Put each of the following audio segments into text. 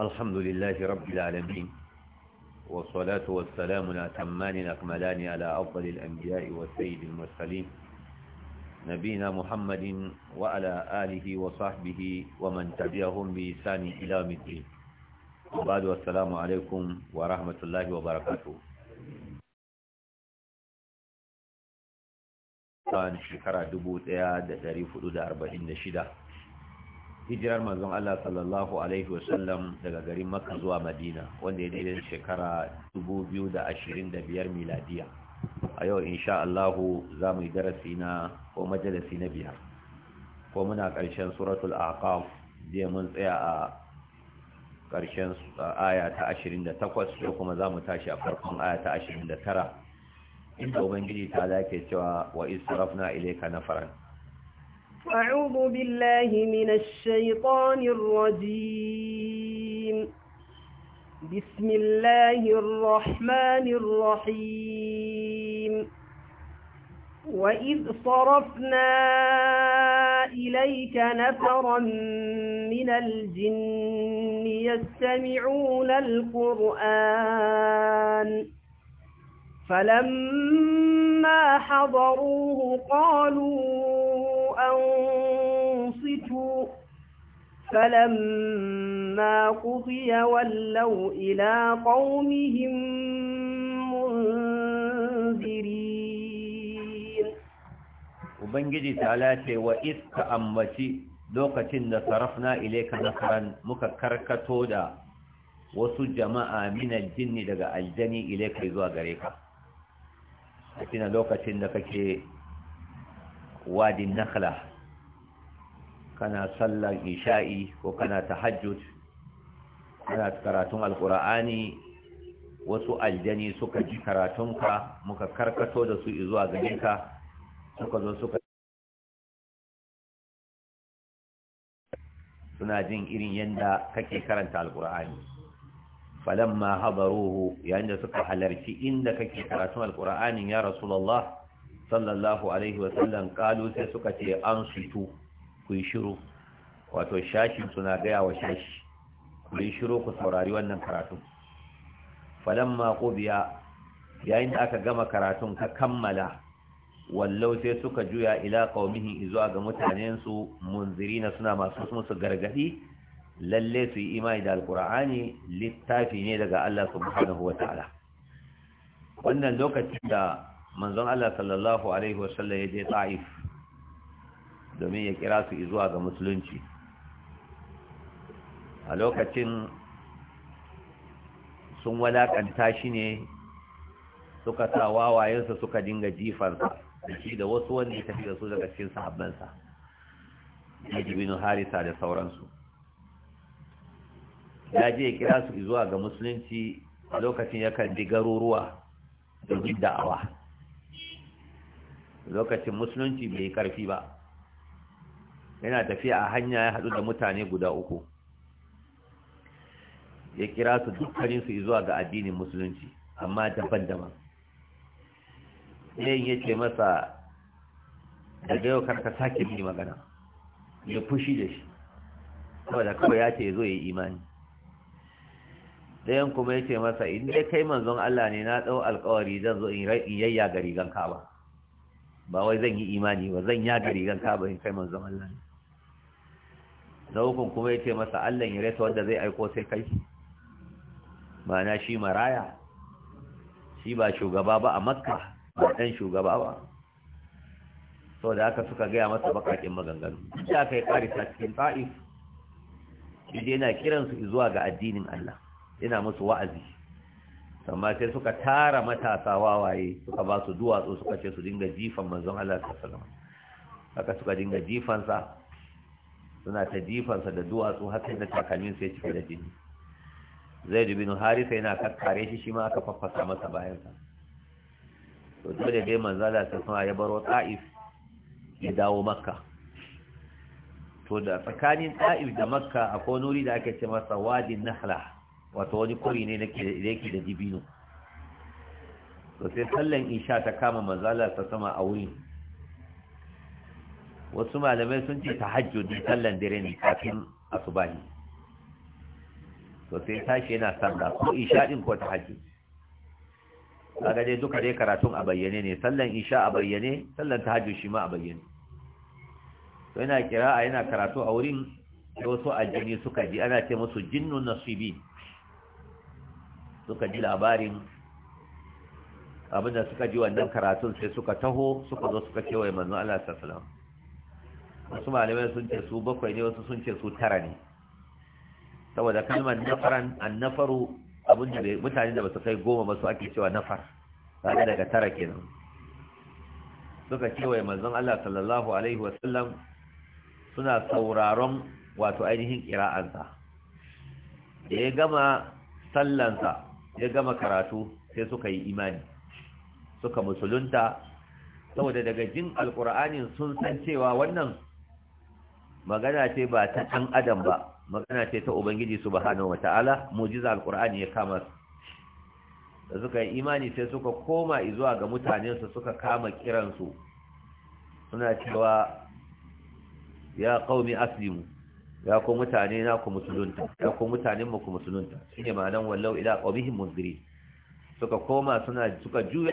الحمد لله رب العالمين والصلاة والسلام الأتمان الأكملان على أفضل الأنبياء والسيد المرسلين نبينا محمد وعلى آله وصحبه ومن تبعهم بإحسان إلى يوم الدين وبعد والسلام عليكم ورحمة الله وبركاته كان شكرا دبوت إياد تاريخ 46 hijirar manzon Allah sallallahu alaihi wasallam daga garin Makka zuwa Madina wanda ya daidai shekara 2025 miladiya a yau insha Allah za mu yi darasi na ko majalisi na biyar ko muna ƙarshen suratul aqaf je mun tsaya a ƙarshen aya ta 28 ko kuma za mu tashi a farkon aya ta 29 inda ubangiji ta lake cewa wa israfna ilayka nafaran أعوذ بالله من الشيطان الرجيم بسم الله الرحمن الرحيم وإذ صرفنا إليك نفرا من الجن يستمعون القرآن فلما حضروه قالوا أنصتوا فلما قضي ولوا إلى قومهم منذرين وبنجي wa iska تأمتي lokacin da sarafna ilaika nasaran muka karkato da wasu jama'a min aljinni daga aljani ilaika zuwa gare ka a lokacin da kake wadin nakhla kana sallar isha'i ko kana tahajjud kana karatun alqur'ani wasu aljani suka ji karatunka muka karkato da su zuwa gare suka zo suka suna jin irin yadda kake karanta alqur'ani falamma hadaruhu yayin da suka halarci inda kake karatun alqur'anin ya rasulullah sallallahu alaihi wasallam kalu sai suka ce an sutu ku yi shiru wato shashi suna gaya wa shashi ku yi shiru ku saurari wannan karatu falamma qubiya yayin da aka gama karatun ka kammala wallau sai suka juya ila qaumihi izuwa ga mutanen su munzirina suna masu musu gargadi lalle su yi imani da Alkur'ani, littafi ne daga Allah subhanahu wataala wannan lokacin da manzon Allah sallallahu alaihi wasallam ya je Taif domin ya kira su zuwa ga musulunci a lokacin sun walakanta shi ne suka sa wawayensa suka dinga jifarsa da shi da wasu wanda ya tafi da su daga cikin sahabbansa binu harisa da sauransu ya je ya kira su zuwa ga musulunci a lokacin yakan ji garuruwa domin da'awa lokacin musulunci bai yi karfi ba yana tafiya a hanya ya haɗu da mutane guda uku ya kira su dukkaninsu zuwa ga addinin musulunci amma daban-daban ɗayan ya ce masa daga yau karka sake bi magana ya fushi da shi saboda kawai ya ce zo ya imani ɗayan kuma ya ce masa in dai kai manzon Allah ne na ɗau alkawari zan zo in yayya ga rigan kaba ba wai zan yi imani ba zan yaga rigan ka bane kai manzon Allah ne na kuma ya ce masa Allah ya rasa wanda zai aiko sai kai na shi maraya shi ba shugaba ba a makka ba ɗan shugaba ba sau da aka suka gaya masa bakakin maganganu ya kai yi karisa cikin ta'if shi dai na kiransu zuwa ga addinin Allah yana musu wa'azi amma sai suka tara matasa wawaye suka ba su duwatsu suka ce su dinga jifan manzon Allah sallallahu alaihi wasallam haka suka dinga jifansa suna ta jifansa da duwatsu har sai da takalmin sai cike da jini zaid bin harisa yana kakkare shi shi ma aka faffasa masa sa to dole dai manzo Allah sallallahu alaihi ya baro Taif ya dawo Makka to da tsakanin Taif da Makka akwai nuri da ake ce masa Wadi Nahla wato wani kuri ne da yake da dibino to sai sallan isha ta kama manzala ta sama a wurin wasu malamai sun ce tahajjudi sallan dare ne kafin asubahi to sai tashi yana sanda ko isha din ko tahajjud kaga dai duka dai karatun a bayyane ne sallan isha a bayyane sallan tahajjud shi ma a bayyane to yana a yana karatu a wurin da wasu aljini suka ji ana ce musu jinnun nasibi suka ji labarin abinda suka ji wannan karatun sai suka taho suka zo suka wai manzo Allah sallallahu wasu malamai sun ce su bakwai ne wasu sun ce su tara ne saboda kalmar nafaran annafaru da mutane da basu kai goma ba su ake cewa nafar kaga daga tara kenan suka wai manzon Allah sallallahu alaihi wasallam suna sauraron wato ainihin kira'ansa da ya gama sallansa ya gama karatu sai suka yi imani suka musulunta saboda daga jin alkur'anin sun san cewa wannan magana ce ba ta ɗan adam ba magana ce ta ubangiji subhanahu wata'ala mujiza alkur'ani ya kama da suka yi imani sai suka koma izuwa ga mutanensu suka kama kiransu suna cewa ya ƙaumi aslimu ya ku mutane na ku musulunta ya ku mutanen mu ku musulunta shine ma'anan wallau ila qawmihim muzri suka koma suna suka juya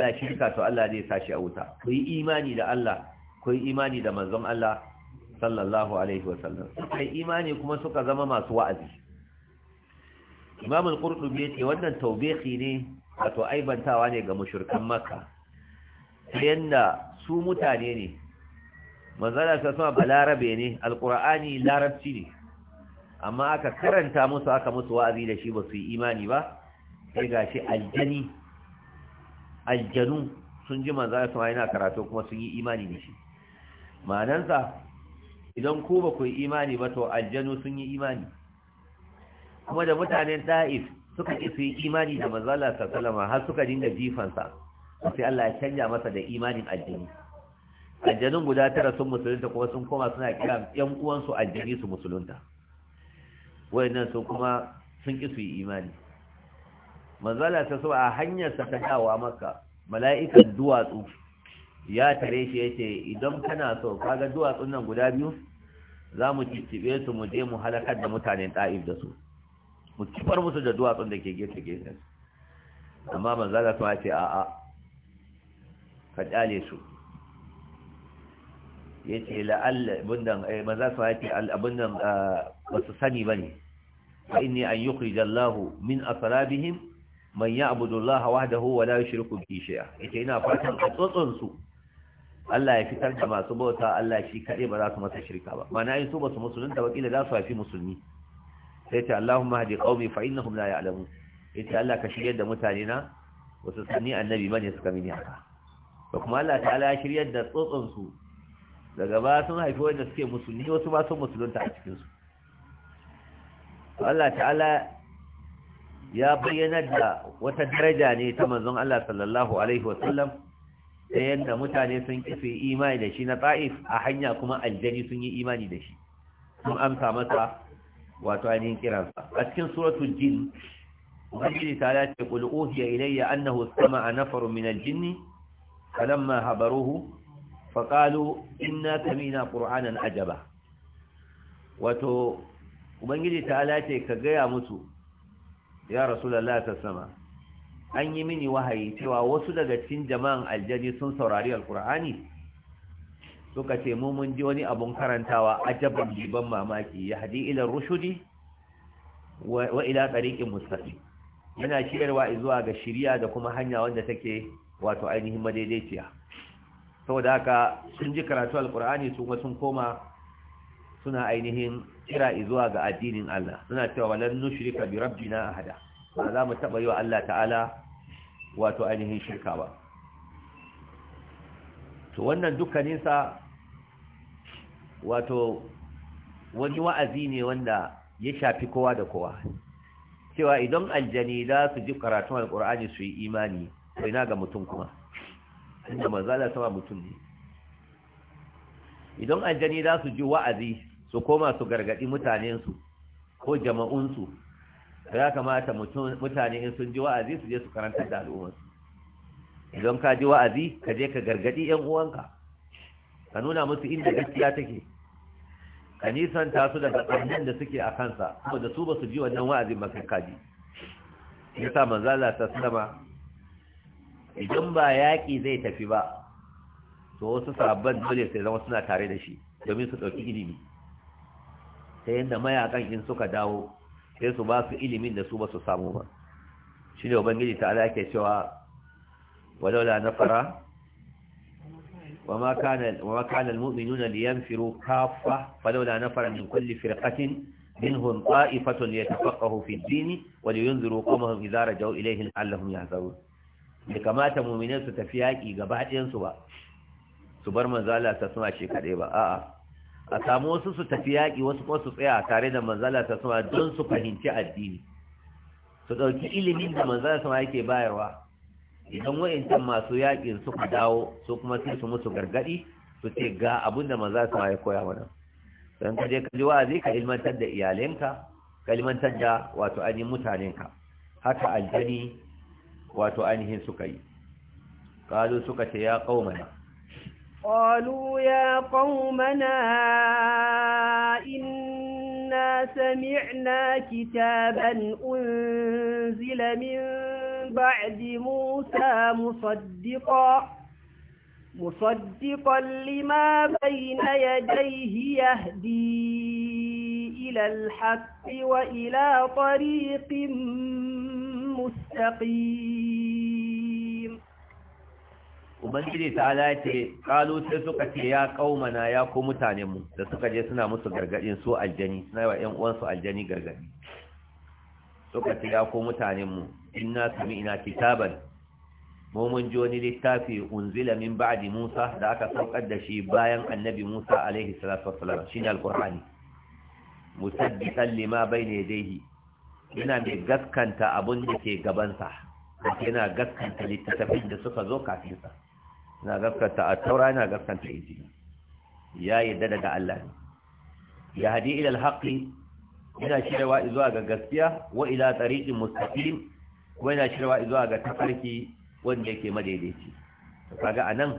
da shirka to Allah zai sashi a wuta ku yi imani da Allah ku yi imani da manzon Allah sallallahu alaihi wa sallam kai imani kuma suka zama masu wa'azi Imam al-Qurtubi yace wannan tawbihi ne wato aibantawa ne ga mushrikan Makka yanda su mutane ne manzana ta sama balarabe ne alkur'ani larabci ne amma aka karanta musu aka musu wa'azi da shi ba su yi imani ba sai shi aljani aljanu sun ji manzana sama yana karatu kuma sun yi imani da shi ma'anansa idan ku ba ku yi imani ba to aljanu sun yi imani kuma da mutanen ta'if suka ki su yi imani da manzana ta har suka dinga jifansa sai Allah ya canja masa da imanin aljanu aljanun guda tara sun musulunta kuma sun koma suna kira yan uwansu aljani su musulunta wayannan su kuma sun ki su yi imani manzala ta so a hanyar sa ta dawa maka mala'ikan duwatsu ya tare shi yace idan kana so kaga duwatsun nan guda biyu za mu cicibe su mu je mu halakar da mutanen ta'if da su mu kifar musu da duwatsun da ke gefe gefe amma manzala ta ce a'a ka kyale su ya ce la'alla abinnan eh, maza su ya ce abinnan ah, ba su sani ba ne fa inni an yi krijallahu min asarabihim man ya abudullaha wahdahu wa la yushriku bihi shay'a yace ina fatan a tsotson su Allah ya fitar da masu bauta Allah shi kaɗai ba za su masa shirka ba mana yi su ba su musulunta ba kila za su haifi musulmi sai ta Allahumma hadi qaumi fa innahum la ya'lamun yace Allah ka shirya da mutane na wasu sani annabi bane suka mini haka to kuma Allah ta'ala ya shirya da tsotson su daga ba sun haifi wanda suke musulmi wasu ba sun musulunta a cikinsu Allah ta'ala ya bayyana da wata daraja ne ta manzon Allah sallallahu alaihi wasallam ta yadda mutane sun kife imani da shi na ta'if a hanya kuma aljani sun yi imani da shi sun amsa masa wato ainihin kiransa a cikin suratul jin ubangiji ta ya ce qul uhiya ilayya annahu sama'a nafarun min jinni falamma habaruhu faƙalu inna kamina ƙur'anan ajaba wato ubangiji ta alace ka gaya musu ya rasulallah ta sama an yi mini wahayi cewa wasu daga cikin jama'an aljani sun saurari alkur'ani suka ce mu mun ji wani abun karantawa ajaban liban mamaki ya hadi ilar rushudi wa ila tsariƙin mustaqim yana shirarwa zuwa ga shirya da kuma hanya wanda take wato ainihin madaidaiciya saboda haka sun ji karatu alkur'ani su sun koma suna ainihin kira zuwa ga addinin Allah suna cewa walan nushrika bi rabbina ahada ba za mu taba yi wa Allah ta'ala wato ainihin shirka ba to wannan dukkanin sa wato wani wa'azi ne wanda ya shafi kowa da kowa cewa idan aljani za su ji karatu alkur'ani su yi imani to ga mutum kuma inda manzala sama mutum ne idan aljani za su ji wa'azi su koma su gargadi mutanensu ko jama'unsu ya kamata mutane in sun ji wa'azi su je su karanta da al'ummarsu idan ka ji wa'azi ka je ka gargadi yan uwanka ka nuna musu inda gaskiya take ka nisanta su daga ɓarnin da suke a kansa saboda su ba su ji wannan wa'azin makakaji ya sa manzala ta sama idan ba yaƙi zai tafi ba to wasu sabon dole sai zama suna tare da shi domin su ɗauki ilimi ta yadda mayakan in suka dawo sai su ba su ilimin da su ba su samu ba shi ne ubangiji ta ala ke cewa walaula na fara wa makanar nuna da liyan firu kafa walaula na fara min kulli firkatin min hun ƙa'ifatun ya tafaka hufi dini wani yanzu ro kuma hun izara jau hin allahun ya zaru bai kamata mu'minin su tafi yaƙi gaba ɗayan ba su bar manzala ta suna shi kaɗai ba a'a a samu wasu su tafi yaƙi wasu kuma su tsaya tare da manzala ta suna don su fahimci addini su ɗauki ilimin da manzala sama yake bayarwa idan wa'incan masu yaƙin suka dawo su kuma sai su musu gargaɗi su ce ga abin da manzala sama ya koya mana don ka je ka ji wa'azi ka ilmantar da iyalinka ka ilmantar da wato ainihin mutanenka haka aljani wato ainihin suka yi kalu suka ce ya qaumana qalu ya qaumana inna sami'na kitaban unzila min ba'di musa musaddiqan مصدقا لما بين يديه يهدي إلى الحق وإلى طريق مستقيم ubangiji ta ce kalu sai suka ce ya kaumana ya ko mutanenmu da suka je suna musu gargadin su aljani suna wa ƴan uwansu aljani gargadi suka ce ya ko mutanenmu inna sami'na kitaban mu ji wani littafi unzila min ba'di Musa da aka saukar da shi bayan annabi Musa alaihi salatu wassalam shine alqur'ani musaddiqan lima bayna yadayhi yana mai gaskanta abin da ke gabansa yana gaskanta littattafin da suka zo kafinsa na gaskanta a taura yana gaskanta injila ya yadda daga Allah ne ya hadi ila alhaqi yana shirwa zuwa ga gaskiya wa ila tariqin mustaqim kuma yana shirwa zuwa ga tafarki wanda yake madaidaici kaga anan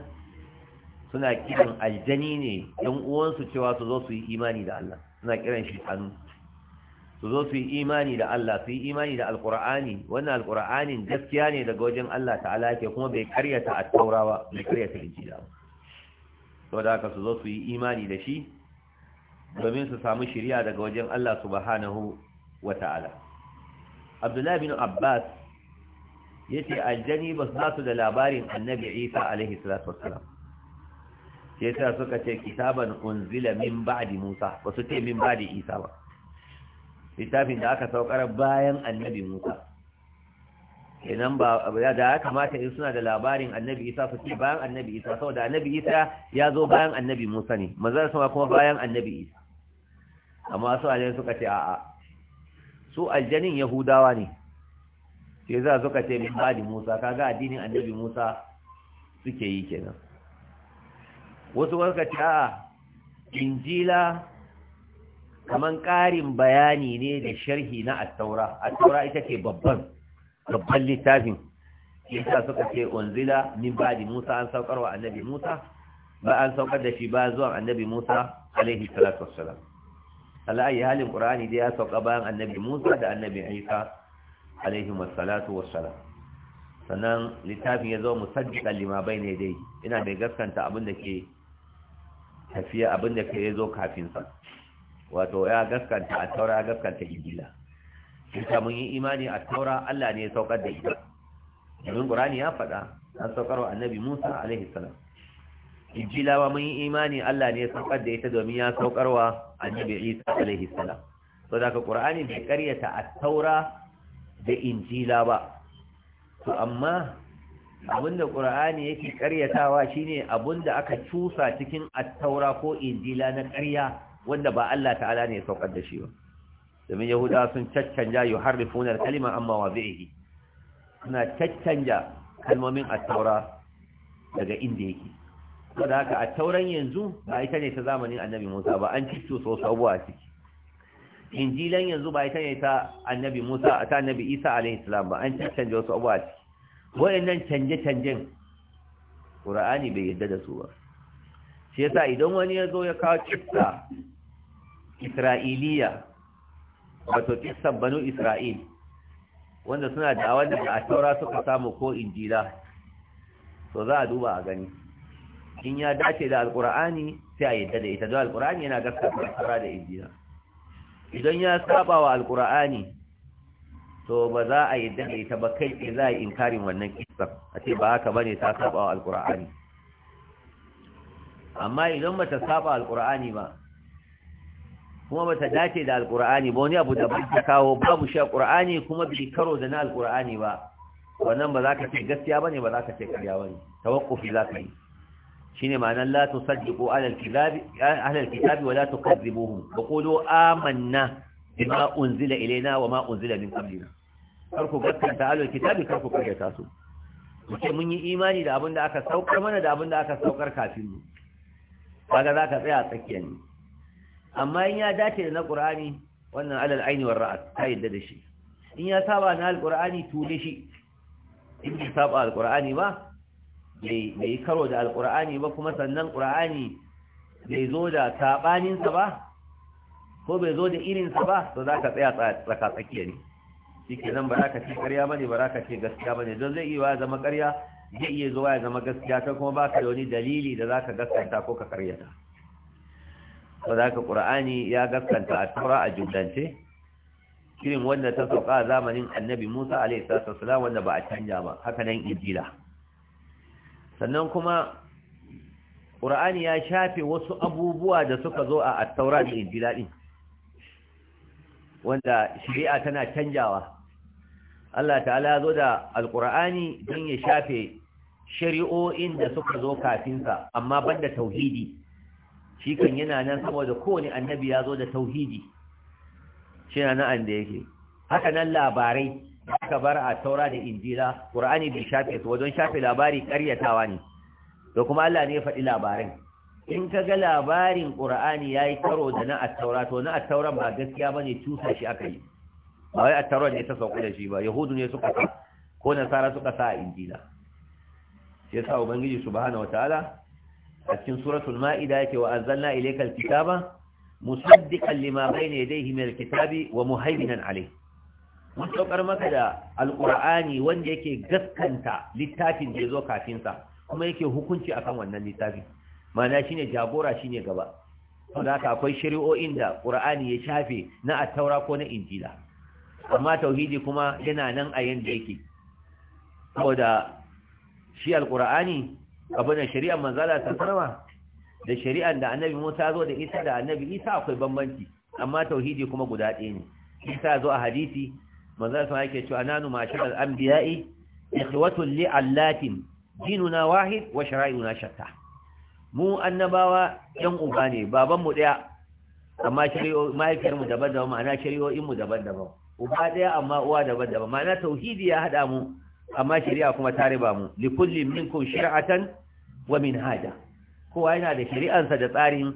suna kiran aljani ne ɗan uwansu cewa su zo su yi imani da Allah suna kiran shi tanu su zo su yi imani da Allah su yi imani da alkur'ani wannan alkur'anin gaskiya ne daga wajen Allah ta'ala ke kuma bai karyata a taurawa bai karyata injila ba da haka su zo su yi imani da shi domin su samu shiriya daga wajen Allah subhanahu wa ta'ala abdullahi bin abbas ya ce aljani ba su da labarin annabi isa alaihi salatu wasalam sai suka ce kitaban unzila min ba'di musa ba su ce min ba'di isa ba littafin da aka saukar bayan annabi Musa kenan ba da ya kamata in suna da labarin annabi Isa su ce bayan annabi Isa saboda annabi Isa ya zo bayan annabi Musa ne manzon sama kuma bayan annabi Isa amma su aljani suka ce a'a su aljanin Yahudawa ne sai za suka ce min ba Musa kaga addinin annabi Musa suke yi kenan wasu suka ce a'a injila kaman ƙarin bayani ne da sharhi na attaura attaura ita ce babban babban littafin yasa suka ce unzila min ba'di Musa an saukar wa annabi Musa ba an saukar da shi ba zuwa annabi Musa alaihi salatu wassalam Allah halin Qur'ani da ya sauka bayan annabi Musa da annabi Isa alaihi salatu wassalam sannan littafin ya zo musaddiqan lima ne dai ina mai gaskanta abin da ke tafiya abin da ke zo kafin sa wato ya gaskanta a taura ya gaskanta injila ita mun yi imani a taura Allah ne ya saukar da ita domin qur'ani ya faɗa an saukar wa annabi Musa alaihi salam injila wa mun yi imani Allah ne ya saukar da ita domin ya saukar wa annabi Isa alaihi salam to daga qur'ani bai karyata a taura da injila ba to amma abinda qur'ani yake karyatawa shine abinda aka cusa cikin at-taura ko injila na ƙarya wanda ba Allah ta'ala ne ya saukar da shi ba domin yahuda sun caccanja yuharrifuna al-kalima amma wa wazihi suna caccanja kalmomin at-taura daga inda yake saboda haka at-tauran yanzu ba ita ne ta zamanin annabi Musa ba an su so a ciki injilan yanzu ba ita ne ta annabi Musa ta annabi Isa alaihi salam ba an caccanja wasu abuwa ciki wayannan canje-canjen Qur'ani bai yadda da su ba shi yasa idan wani ya zo ya kawo kissa isra'iliya wato Kisan banu isra'il wanda suna da wanda a taura suka samu ko injila to za a duba a gani in ya dace da alkur'ani sai a yadda da ita don alkur'ani yana gaskata tsara da injila idan ya saba wa alkur'ani to ba za a yadda da ita ba kai tsaye za a yi inkarin wannan kisan, a ce ba haka bane ta saba wa alkur'ani amma idan ba ta saba alkur'ani ba kuma ba ta dace da alkur'ani ba wani abu da ba ta kawo babu shi alkur'ani kuma bi karo da na alkur'ani ba wannan ba za ka ce gaskiya bane ba za ka ce karya bane tawakkufi za ka yi shine ma'anar la tusaddiqu ala alkitabi ala alkitabi wa la tukazzibuhum wa qulu amanna bima unzila ilaina wa ma unzila min qablina kar ku gaskata ala alkitabi kar ku ta su ce mun yi imani da abin da aka saukar mana da abin da aka saukar kafin mu kaga za ka tsaya tsakiyar. ne amma in ya dace da na qur'ani wannan alal aini war ra'at ta yadda da shi in ya saba na alqur'ani tule shi in ya saba alqur'ani ba bai karo da alqur'ani ba kuma sannan qur'ani bai zo da sabanin sa ba ko bai zo da irin sa ba to zaka tsaya tsaka tsakiya ne ke nan ba za ka ce ƙarya ba ne ba za ka ce gaskiya ba ne don zai iya zama ƙarya zai iya zuwa ya zama gaskiya ta kuma ba ka da wani dalili da za ka gaskanta ko ka ƙaryata ba za ka ƙura'ani ya gaskanta a taura a judance shirin wanda ta sauka a zamanin annabi musa a.s.w. wanda ba a canja ba haka nan injila sannan kuma ƙura'ani ya shafe wasu abubuwa da suka zo a taura da injila ɗin wanda shari'a tana canjawa Allah ta'ala Ya zo da alƙura'ani don ya shafe shari'o'in da suka zo kafinsa amma banda tauhidi shi kan yana nan saboda kowane annabi ya zo da tauhidi shi na nan da yake haka nan labarai aka bar a taura da injila qur'ani bai shafe su wajen shafe labari karyatawa ne da kuma Allah ne ya faɗi labarin in ka ga labarin ya yi karo da na taura to na at-taura ba gaskiya ba ne, tusa shi aka yi ba wai a taura ne ta sauƙi da shi ba yahudu ne suka sa ko nasara suka sa a injila Ya sa ubangiji subhanahu wataala a cikin suratul ma'ida yake wa anzalna ilayka alkitaba musaddiqan lima bayna yadayhi min alkitabi wa muhaiminan alayhi mun saukar maka da alqur'ani wanda yake gaskanta littafin da yazo kafin sa kuma yake hukunci akan wannan littafin ma'ana shine jagora shine gaba saboda haka akwai shari'o'in da qur'ani ya shafe na at-taura ko na injila amma tauhidi kuma yana nan a yanda yake saboda shi alqur'ani abin da shari'ar manzala ta sarwa da shari'ar da annabi Musa zo da Isa da annabi Isa akwai bambanci amma tauhidi kuma guda ɗaya ne Isa zo a hadisi manzala sun yake cewa nanu mashal anbiya'i ikhwatun li allatin jinuna wahid wa shara'una shatta mu annabawa yan uba ne baban mu daya amma shari'o mahaifiyar mu daban-daban ma'ana shari'o'in mu daban-daban uba daya amma uwa daban-daban ma'ana tauhidi ya hada mu amma shari'a kuma ta riba mu li kulli minkum shir'atan wa minhaja kowa yana da shari'ansa da tsarin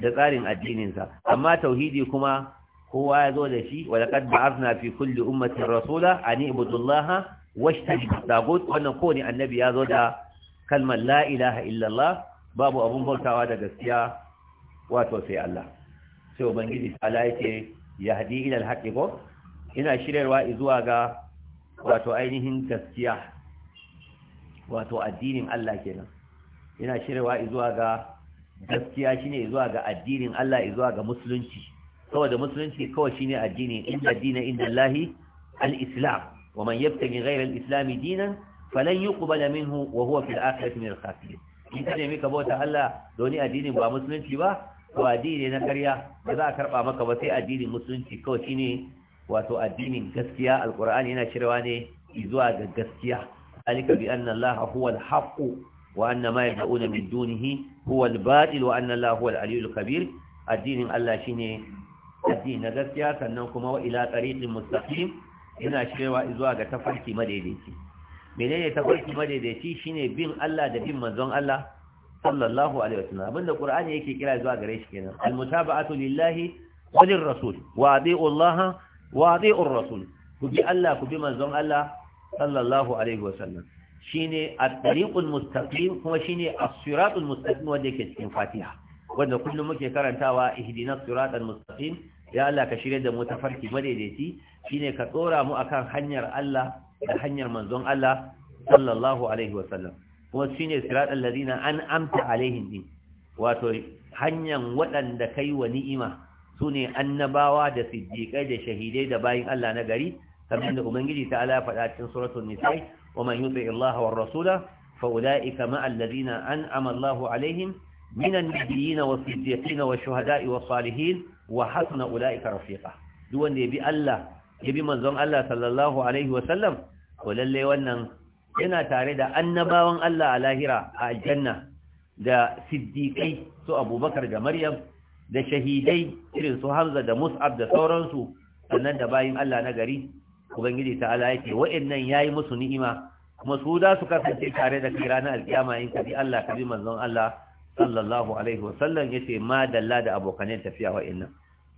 da tsarin addinin sa amma tauhidi kuma kowa ya zo da shi wa laqad ba'athna fi kulli ummatin rasula an ibudullaha washtajib dagut wannan kowane annabi ya zo da kalmar la ilaha illallah babu abun bautawa da gaskiya wato sai Allah sai ubangiji Allah yake yahdi ila ina shirarwa zuwa ga wato ainihin gaskiya wato addinin Allah kenan yana shirewa zuwa ga gaskiya shine zuwa ga addinin Allah zuwa ga musulunci saboda musulunci kawai shine addini inda dina inda Allahi al-islam wa man yabtaghi ghayra al-islam dinan falan yuqbala minhu wa huwa fil akhirati min al-khasirin in ka bauta Allah doni addinin ba musulunci ba to addini na karya ba za a karba maka ba sai addinin musulunci kawai shine wato addinin gaskiya alkurani yana shirwa ne zuwa ga gaskiya alika bi anna allaha huwa alhaq wa anna ma yad'una min dunihi huwa albatil wa anna allaha huwa aliyul kabir addinin Allah shine addini na gaskiya sannan kuma wa ila tariqin mustaqim yana shirwa zuwa ga tafarki madaidaici menene tafarki madaidaici shine bin Allah da bin manzon Allah sallallahu alaihi wasallam abinda qur'ani yake kira zuwa gare shi kenan almutaba'atu lillahi wa lirrasul wa ati'u Allah wa zai'ur rasul ku bi Allah ku bi manzon Allah sallallahu alaihi wasallam shine at-tariqul mustaqim kuma shine as-siratul mustaqim wanda yake cikin Fatiha wanda kullum muke karantawa ihdinas siratal mustaqim ya Allah ka shirye da mu tafarki madaidaici shine ka tsora mu akan hanyar Allah da hanyar manzon Allah sallallahu alaihi wasallam kuma shine siratal ladina an'amta alaihim din wato hanyar waɗanda kai wa ni'ima su ne annabawa da siddiƙai da shahidai da bayin Allah na gari kamar da ubangiji ta ala faɗa cikin suratul nisa'i wa man yuti Allah wa rasula fa ulaika ma alladhina an'ama Allahu alaihim minan nabiyyin was siddiqin was shuhada'i was salihin wa hasuna ulaika rafiqa duk wanda ya bi Allah ya bi manzon Allah sallallahu alaihi wa sallam ko lalle wannan yana tare da annabawan Allah a lahira a aljanna da siddiqai su Abubakar da Maryam da shahidai irin su Hamza da Mus'ab da sauransu sannan da bayin Allah na gari ubangiji ta Allah yake wa'annan yayi musu ni'ima kuma su da su kasance tare da kai ranar alkiyama in bi Allah ka bi manzon Allah sallallahu alaihi wa sallam yace ma dalla da abokan tafiya wa'annan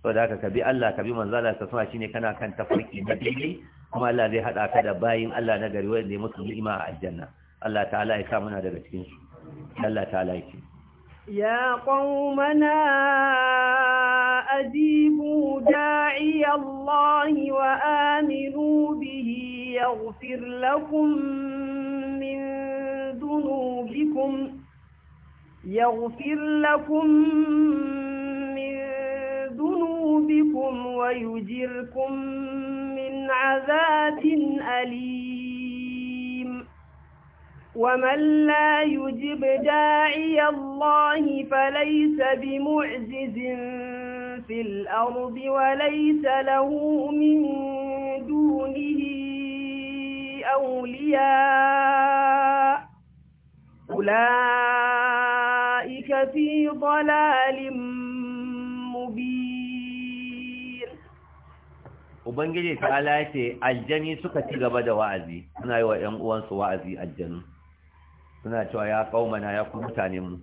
saboda haka ka bi Allah ka kabi manzon Allah ta shi shine kana kan tafarki da dili kuma Allah zai hada ka da bayin Allah na gari wa'annan ya musu ni'ima a aljanna Allah ta'ala ya sa muna daga cikin su Allah ta'ala yake يا قومنا أجيبوا داعي الله وآمنوا به يغفر لكم من ذنوبكم يغفر لكم من ذنوبكم ويجركم من عذاب أليم ومن لا يجب داعي الله فليس بمعجز في الأرض وليس له من دونه أولياء أولئك في ضلال مبين Ubangiji ta ce aljani suka ci gaba da wa'azi, suna yi wa ‘yan uwansu wa'azi aljanu. suna cewa ya qaumana ya ku mutanen mu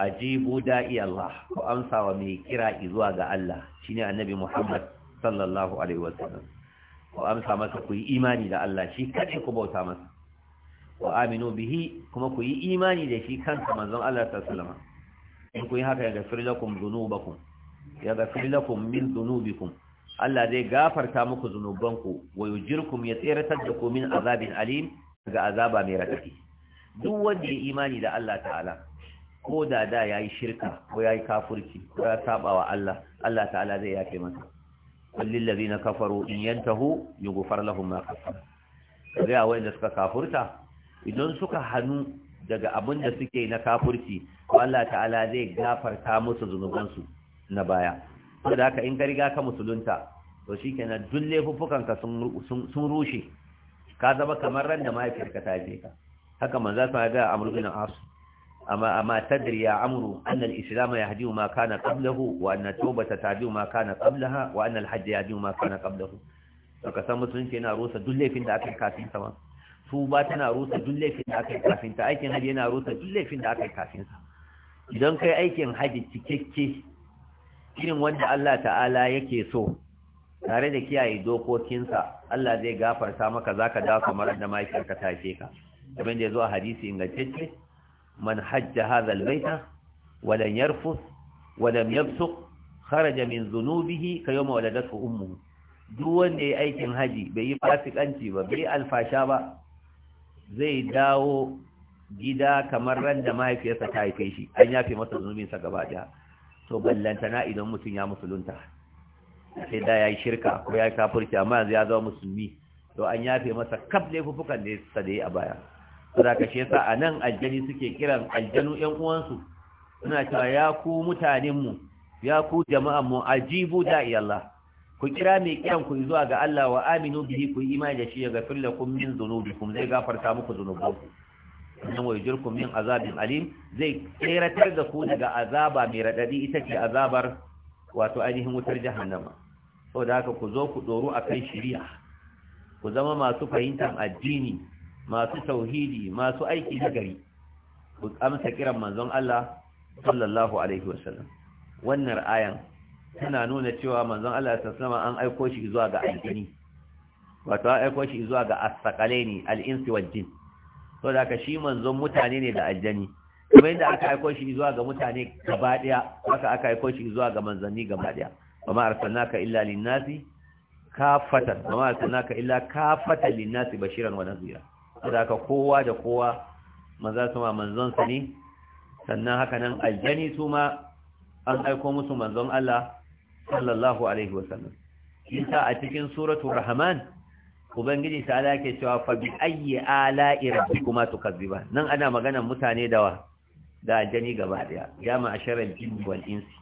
ajibu da'i Allah ku amsa wa mai kira zuwa ga Allah shine annabi Muhammad sallallahu alaihi wasallam ku amsa masa ku yi imani da Allah shi kaɗai ku bauta masa wa aminu bihi kuma ku yi imani da shi kansa manzon Allah sallallahu alaihi in ku yi haka ya gafir lakum dhunubakum ya gafir lakum min dhunubikum Allah zai gafarta muku zunubanku wa yujirkum ya tseratar da ku min azabin alim daga azaba mai radadi duk wanda ya imani da Allah ta'ala ko da da ya yi shirka ko ya yi kafurki, ko ya saba wa Allah Allah ta'ala zai yafe masa kullil ladina kafaru in yantahu yughfar lahum ma kafara ga wanda suka kafurta idan suka hanu daga abin da suke na kafurki, ko Allah ta'ala zai gafarta musu zunubansu na baya saboda haka in ka riga ka musulunta to shikenan duk ka sun sun rushe ka zama kamar ran da mai ta ka haka manzo sa ga amru bin as amma amma tadri ya amru anna al-islam yahdi ma kana qablahu wa anna tawbata tabi ma kana qablaha wa anna al-hajj yahdi ma kana qablahu saka san musulunci yana rusa duk laifin da aka kafin sa ma tuba tana rusa duk laifin da aka kafin ta aikin haji yana rusa duk laifin da aka kafin sa idan kai aikin haji cikakke irin wanda Allah ta'ala yake so tare da kiyaye dokokinsa Allah zai gafarta maka zaka dawo kamar da ka, ta ka abin da ya zo a hadisi ingantacce man hajja hadha albayta wa lam yarfus wa lam yabsuq kharaja min dhunubihi ka yawma ummuhu duk wanda ya aikin haji bai yi fasikanci ba bai alfasha ba zai dawo gida kamar ran da mahaifiyarsa ta haife shi an yafe masa zunubinsa gaba daya to ballantana idan mutum ya musulunta sai da ya shirka ko ya yi amma yanzu ya zama musulmi to an yafe masa kaf laifukan da ya a baya saboda shi yasa anan aljani suke kiran aljanu ƴan uwansu suna cewa ya ku mutanen mu ya ku jama'an mu ajibu da iyalla. ku kira mai kiran ku zuwa ga Allah wa aminu bihi ku imani da shi ya gafir lakum min dhunubikum zai gafarta muku dhunubanku sannan wa yujirkum min azabin alim zai tseratar da ku daga azaba mai radadi ita ce azabar wato ainihin wutar jahannama saboda haka ku zo ku doro akan shari'a ku zama masu fahimtar addini masu tauhidi masu aiki na gari ku amsa kiran manzon Allah sallallahu alaihi wasallam wannan ayan tana nuna cewa manzon Allah sallallahu alaihi an aiko shi zuwa ga aljini wato an aiko shi zuwa ga asqalaini al-insi wal-jin to da ka shi manzon mutane ne da aljani kuma inda aka aiko shi zuwa ga mutane gaba daya haka aka aiko shi zuwa ga manzanni gaba daya amma arsalnaka illa lin-nasi kafatan amma arsalnaka illa kafatan lin-nasi bashiran wa nadhira saboda kowa da kowa maza su ma manzonsa ne sannan haka nan aljani su ma an aiko musu manzon Allah sallallahu alaihi wasallam isa a cikin suratul rahman ubangiji ta ala cewa fa bi ayyi ala'i rabbikuma tukazziban nan ana maganar mutane dawa da aljani gaba daya Jama'a asharal jin wal insi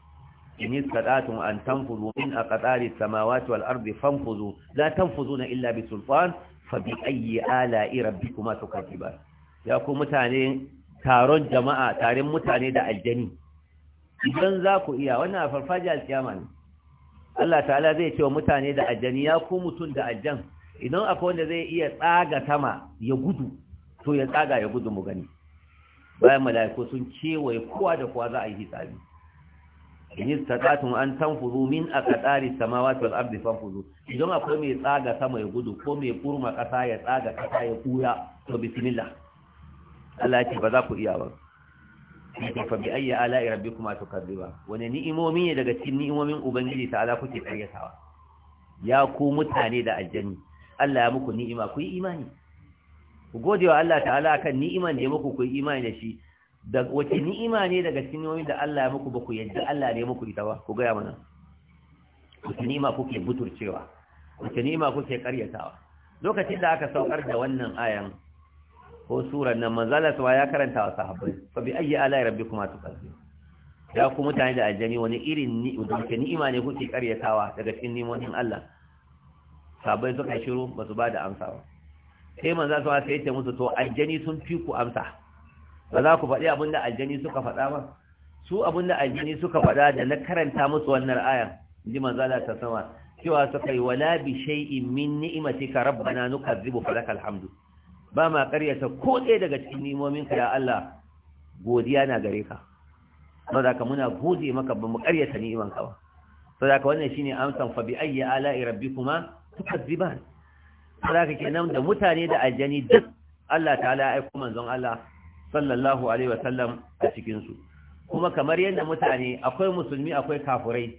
in istada'tum an tanfuzu min aqtari samawati wal ardi fanfuzu la tanfuzuna illa bi sultan fabi ayi ala irabbi kuma suka ba ya ku mutane taron jama'a taron mutane da aljani idan za ku iya wannan farfajiyar alkiyama ne Allah ta'ala zai ce wa mutane da aljani ya ku mutum da aljan idan akwai wanda zai iya tsaga sama ya gudu to ya tsaga ya gudu mu gani bayan mala'iku sun kewaye kowa da kowa za a yi hisabi in istata'tum an tanfuzu min aqdari samawati wal ardi fanfuzu idan akwai mai tsaga sama ya gudu ko mai kurma kasa ya tsaga kasa ya kura to bismillah Allah ce ba za ku iya ba fa bi ayyi ala'i rabbikuma tukadiba wani ni'imomi ne daga cikin ni'imomin ubangiji ta ala kuke karyatawa ya ku mutane da aljanni Allah ya muku ni'ima ku yi imani ku gode wa Allah ta'ala akan ni'iman da ya muku ku yi imani da shi da wace ni'ima ne daga cikin ni'imomin da Allah ya muku ba ku yadda Allah ne muku ita ba ku gaya mana wace ni'ima kuke buturcewa wace ni'ima kuke karyatawa lokacin da aka saukar da wannan ayan ko sura nan manzala sai ya karanta wa sahabbai fa bi ayyi ala rabbikuma tukazzibu ya ku mutane da aljani wani irin wace ni'ima ne kuke karyatawa daga cikin ni'imomin Allah sahabbai suka shiru ba su ba da amsa ba sai manzala suwa sai ya ce musu to aljani sun fi ku amsa ba za ku faɗi abin da aljani suka faɗa ba su abin da aljani suka faɗa da na karanta musu wannan aya ji ta sama cewa suka yi wala bi shay'in min ni'matika rabbana nukazzibu falaka alhamdu ba ma karyata ko ɗaya daga cikin nimomin ka ya Allah godiya na gare ka ba za ka muna gode maka ba mu karyata ni'iman ka ba saboda wannan shine amsan fa bi ayyi ala'i rabbikuma tukazziban saboda kenan da mutane da aljani duk Allah ta'ala ya aika manzon Allah sallallahu alaihi wasallam a cikinsu kuma kamar yadda mutane akwai musulmi akwai kafurai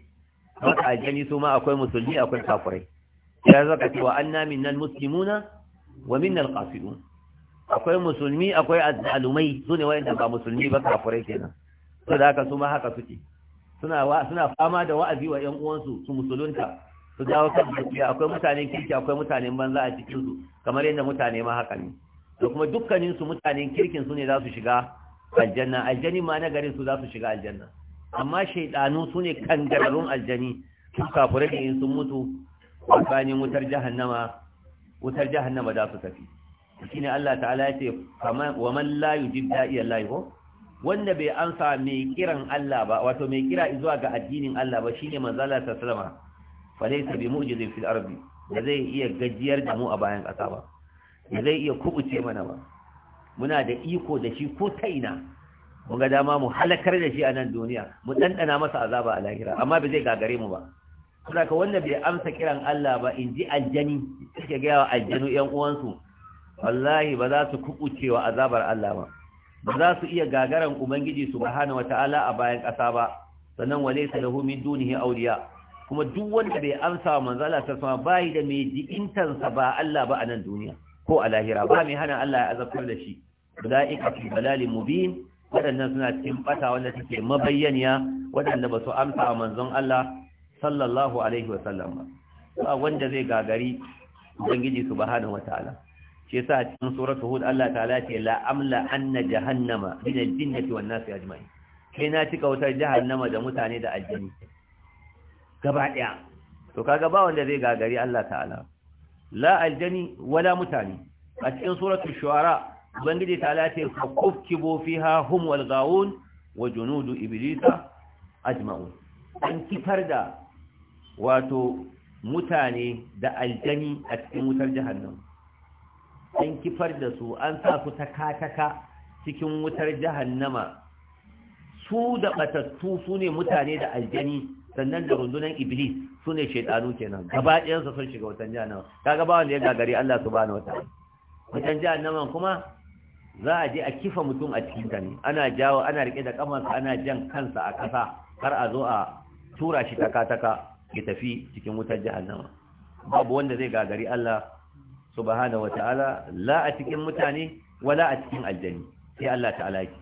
haka aljani su ma akwai musulmi akwai kafurai ya zaka ce wa anna minnal muslimuna wa minnal qasidun akwai musulmi akwai azzalumai sune wayanda ba musulmi ba kafurai kenan to da haka su ma haka suke suna suna fama da wa'azi wa ƴan uwansu su musulunta su dawo kan akwai mutane kirki akwai mutane banza a cikin su kamar yadda mutane ma haka ne da kuma dukkanin su mutanen kirkin su ne za su shiga aljanna aljani ma nagarin su za su shiga aljanna amma shaidanu su ne kangararrun aljani su kafure da in sun mutu tsakanin wutar jahannama wutar jahannama za su tafi shine Allah ta'ala ya ce wa man la yujib da'i Allah ko wanda bai amsa mai kiran Allah ba wato mai kira zuwa ga addinin Allah ba shine manzo Allah sallama fa laysa bi mu'jizin fil ardi da zai iya gajiyar da mu a bayan kasa ba ba zai iya kubuce mana ba muna da iko da shi ko taina. ina mu dama mu halakar da shi a nan duniya mu ɗanɗana masa azaba a lahira amma ba zai gagare mu ba kuma ka wanda bai amsa kiran Allah ba in ji aljani suke gaya wa aljanu ƴan uwansu wallahi ba za su kubuce wa azabar Allah ba ba za su iya gagaran ubangiji subhanahu wataala a bayan ƙasa ba sannan walaysa lahu min dunihi awliya kuma duk wanda bai amsa wa manzala ta sama bai da mai jikintansa ba Allah ba a nan duniya ko a lahira ba mai hana Allah ya azabtar da shi ika fi dalalin mubin waɗannan suna cikin bata wanda take mabayyaniya waɗanda ba su amsa wa manzon Allah sallallahu alaihi wasallam ba wanda zai gagari ubangiji subhanahu wataala shi yasa a cikin suratul hud Allah ta'ala ce la amla anna jahannama min al-jinnati wan nasi ajma'in kai na cika wutar jahannama da mutane da aljini gaba daya to kaga ba wanda zai gagari Allah ta'ala la aljani wala mutane a cikin suratul shu'ara ubangiji ta lati fa kufkibu fiha hum wal gawun wa junudu iblisa ajma'un an kifar da wato mutane da aljani a cikin wutar jahannam an kifar da su an sa su takataka taka cikin wutar jahannama su da batattu su ne mutane da aljani sannan da rundunar iblis su ne shaidanu kenan gaba ɗayansa sun shiga wutan jahannama kaga ba wanda ya gagari Allah subhanahu wataala wutan jahannama kuma za a je a kifa mutum a cikin ta ne ana jawo ana rike da kamarsa ana jan kansa a kasa har a zo a tura shi taka-taka ya tafi cikin wutar jahannama babu wanda zai gagari Allah subhanahu wataala la a cikin mutane wala a cikin aljani sai Allah ta'ala ki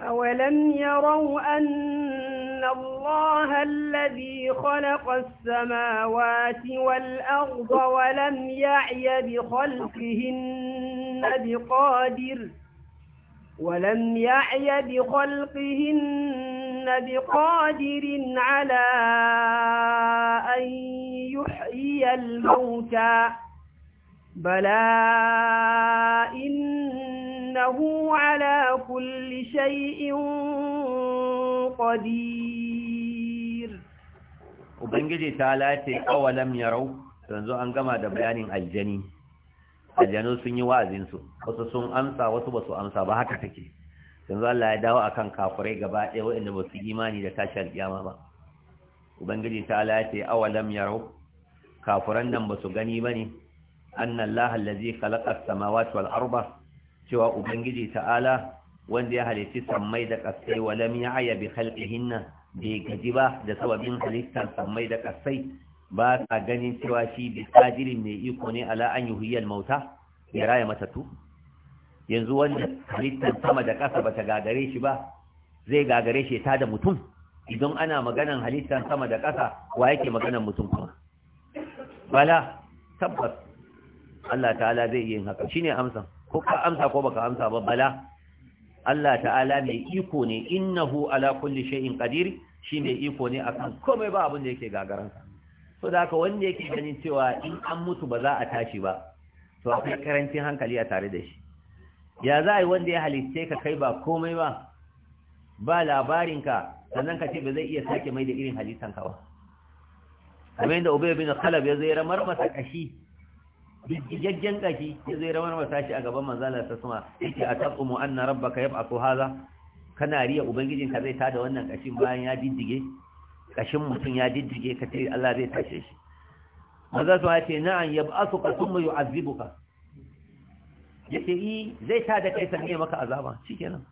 awalam yarau an أن الله الذي خلق السماوات والأرض ولم يعي بخلقهن بقادر ولم يعي بخلقهن بقادر على أن يحيي الموتى بلى إنه على كل شيء qadir ubangiji ta lati awalam yaro, yanzu an gama da bayanin aljani aljanu sun yi wa'azin su wasu sun amsa wasu basu amsa ba haka take yanzu Allah ya dawo akan kafurai gaba ɗaya waɗanda ba su imani da tashi alƙiyama ba ubangiji ta lati awalam yaro, kafuran nan ba su gani bane anna Allah allazi khalaqa as-samawati wal arda cewa ubangiji ta'ala wanda ya halitti sammai da kasai walam ya'ya bi khalqihinna bai gaji ba da sababin halittar sammai da kasai ba sa ganin cewa shi bi qadirin mai iko ne ala an yuhiyal mauta ya raya tu? yanzu wanda halittar sama da kasa bata gagare shi ba zai gagare shi ta da mutum idan ana maganan halittar sama da kasa wa yake maganan mutum kuma bala tabbas Allah ta'ala zai yi haka shine amsa ko ka amsa ko baka amsa ba bala Allah ta'ala mai iko ne innahu ala kulli shay'in qadir shi mai iko ne akan komai ba abin da yake gagaransa so da haka wanda yake ganin cewa in an mutu ba za a tashi ba to akwai karancin hankali a tare da shi ya za a yi wanda ya halitta ka kai ba komai ba ba labarin labarinka sannan ka ce ba zai iya sake mai da irin ka ba kamar yadda ubay bin khalab ya zai ramar masa kashi bijjigaggen tsaki ya zai rawar masa a gaban manzala ta suma yake a taɓumu an na rabba ka yaba ko haza kana riya ubangijinka zai tada wannan ƙashin bayan ya diddige ƙashin mutum ya diddige ka ce Allah zai tashe shi maza su ce na'an ya su ka sun mayu azibuka ya ce yi zai tada kai sanye maka azaba shi kenan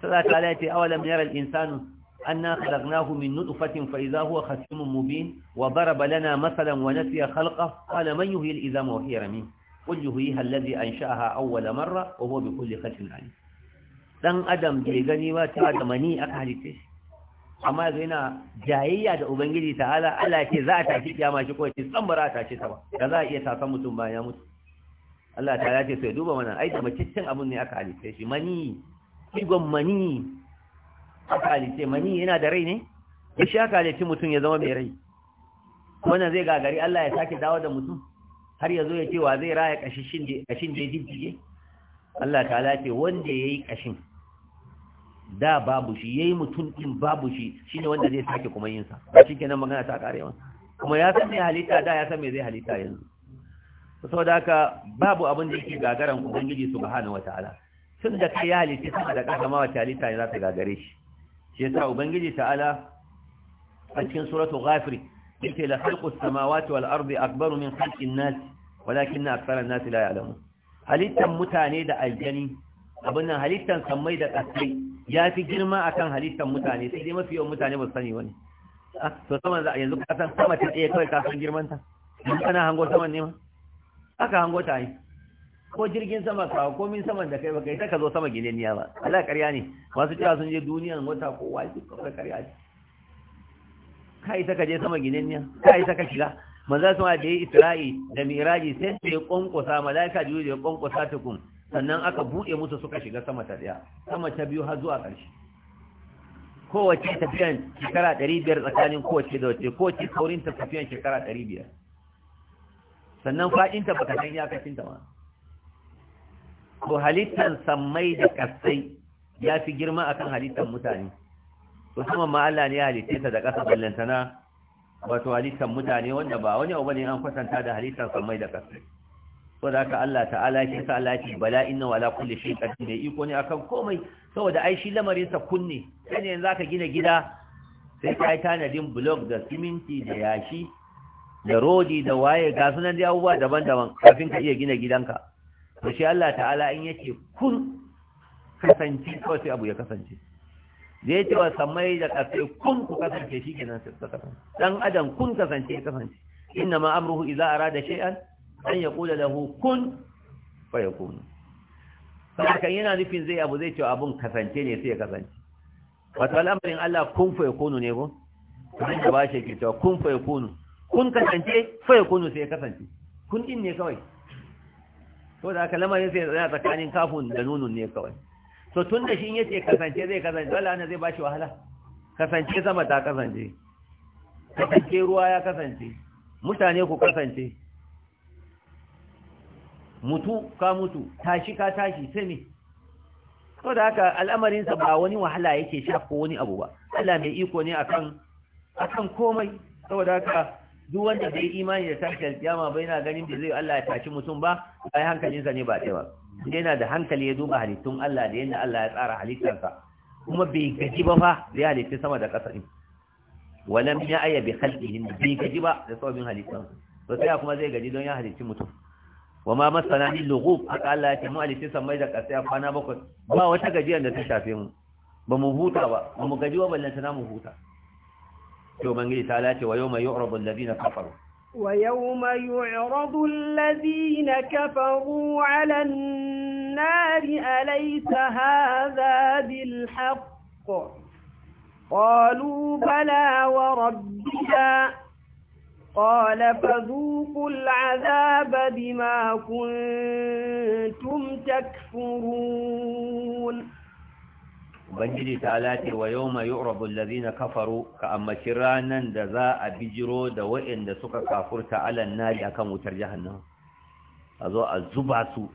sada ta ala ya ce awalam yaral insanu أنا خلقناه من نطفة فإذا هو خسيم مبين وضرب لنا مثلا ونسي خلقه قال من يهي الإذام وهي رميم قل يهيها الذي أنشأها أول مرة وهو بكل خلق عليم dan adam bai gani ba ta da aka halitta shi amma yana jayayya da ubangiji ta'ala Allah za a tashi kiyama shi ko a ta ba da za a iya tasan mutum ba ya mutu Allah ta ce sai duba wannan da maciccin abun ne aka halitta shi mani digon mani aka halice mani yana da rai ne ya shi aka halice mutum ya zama mai rai wannan zai gagari Allah ya sake dawo da mutum har ya zo ya ce wa zai raya kashin da ya jijjige Allah ta'ala ce wanda ya yi kashin da babu shi ya yi mutum ɗin babu shi shi ne wanda zai sake kuma yinsa ba shi kenan magana ta karewa kuma ya san mai halitta da ya san mai zai halitta yanzu saboda haka babu abin da yake gagaran ubangiji subhanahu wataala tun da kai ya halitta sama da ƙasa ma wata halitta ne za ta gagare shi shi yasa ubangiji ta'ala a cikin suratul ghafir yake la khalqu samawati wal ardi akbaru min khalqin nas walakinna akthara an-nas la ya'lamun halittan mutane da aljani abin nan halittan sammai da kasai ya fi girma akan halittan mutane sai dai mafi yawan mutane ba su sani wani ah, to saman za a yanzu kasan sama ta ɗaya kawai kasan girmanta yanzu kana hango saman ne ma aka hango ta yi ko jirgin sama ka ko min saman da kai baka yi ta ka zo sama ginenniya ba Allah ƙarya ne masu cewa sun je duniyan wata ko waki ko ƙarya ne ka ta ka je sama ginenniya ka yi ta ka shiga manzo sun da yi Isra'i da Miraji sai da ya konkosa malaika juyu da ya konkosa kun sannan aka buɗe musu suka shiga sama ta daya sama ta biyu har zuwa ƙarshe kowace tafiyan shekara ɗari biyar tsakanin kowace da wace kowace saurin ta tafiyan shekara ɗari biyar? sannan fadin ta baka san iyakacin ta ma to halittar samai da kasai ya fi girma akan halittar mutane to sama ma Allah ne ya halitta ta da ƙasa ballantana wato halittan mutane wanda ba wani abu ne an kwatanta da halittar sammai da kasai da haka Allah ta'ala shi ta Allah bala inna wala kulli shay'in qadir ne iko ne akan komai saboda ai shi lamarin sa kunne sai yanzu zaka gina gida sai ka yi tanadin block da siminti da yashi da rodi da waye ga sunan dai abubuwa daban-daban kafin ka iya gina gidanka to shi Allah ta'ala in yake kun kasance kawai sai abu ya kasance zai ce wa samai da ƙarfe kun ku kasance shi kenan sai ka kasance dan adam kun kasance ya kasance inna ma amruhu idza arada shay'an an yaqula lahu kun fa yakun saboda yana nufin zai abu zai cewa abun kasance ne sai ya kasance wato al'amarin Allah kun fa yakunu ne ko kun da ba shi ke cewa kun fa yakunu kun kasance fa yakunu sai ya kasance kun din ne kawai to da aka lamarin sai tsaya tsakanin kafun da nunun ne kawai to tun da shi yace kasance zai kasance dole ana zai bashi wahala kasance sama ta kasance kasance ruwa ya kasance mutane ku kasance mutu ka mutu tashi ka tashi sai me to da haka al'amarin sa ba wani wahala yake shafa wani abu ba Allah mai iko ne akan akan komai saboda haka duk wanda bai imani da tashi alkiyama bai na ganin da zai Allah ya tashi mutum ba bai hankalinsa ne ba ɗaya inda yana da hankali ya duba halittun Allah da yadda Allah ya tsara halittarsa kuma bai gaji ba fa da ya halitta sama da ƙasa din walam ya ayya bi khalqihi bai gaji ba da sabbin halittun to sai kuma zai gaji don ya halittu mutum wama masana lil lughub haka Allah ya ce mu sama sammai da ƙasa kwana bakwai ba wata gajiyar da ta shafe mu ba mu huta ba ba mu gaji ba ta na mu huta يوم bangi ta ويوم يعرض الذين كفروا ويوم يعرض الذين كفروا على النار أليس هذا بالحق قالوا بلى وربنا قال فذوقوا العذاب بما كنتم تكفرون ubangiji ta alati wa yau mai yu'rabu na kafaru ka ammaci ranan da za a bijiro da waɗanda suka kafurta alan nari kan wutar jahannama a zo a zuba su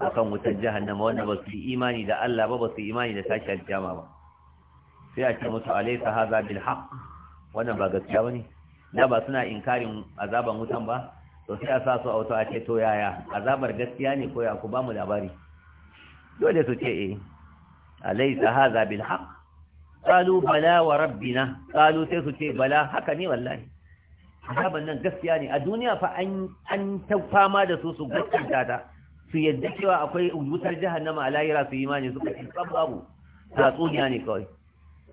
a kan wutar jahannama wanda ba su yi imani da Allah ba ba su yi imani da tashi aljama ba sai a ce musu ha za bil haq wannan ba gaskiya ba ne? da ba suna inkarin azaban wutan ba to sai a sa su a wuta a ce to yaya azabar gaskiya ne ko ya ku ba mu labari dole su ce eh alaysa hadha bil haqq qalu bala wa rabbina qalu sai su ce bala haka ne wallahi azaban nan gaskiya ne a duniya fa an an fama da su su gaskata ta su yadda cewa akwai wutar jahannama na lahira su imani suka ce babu tatsuniya ne kawai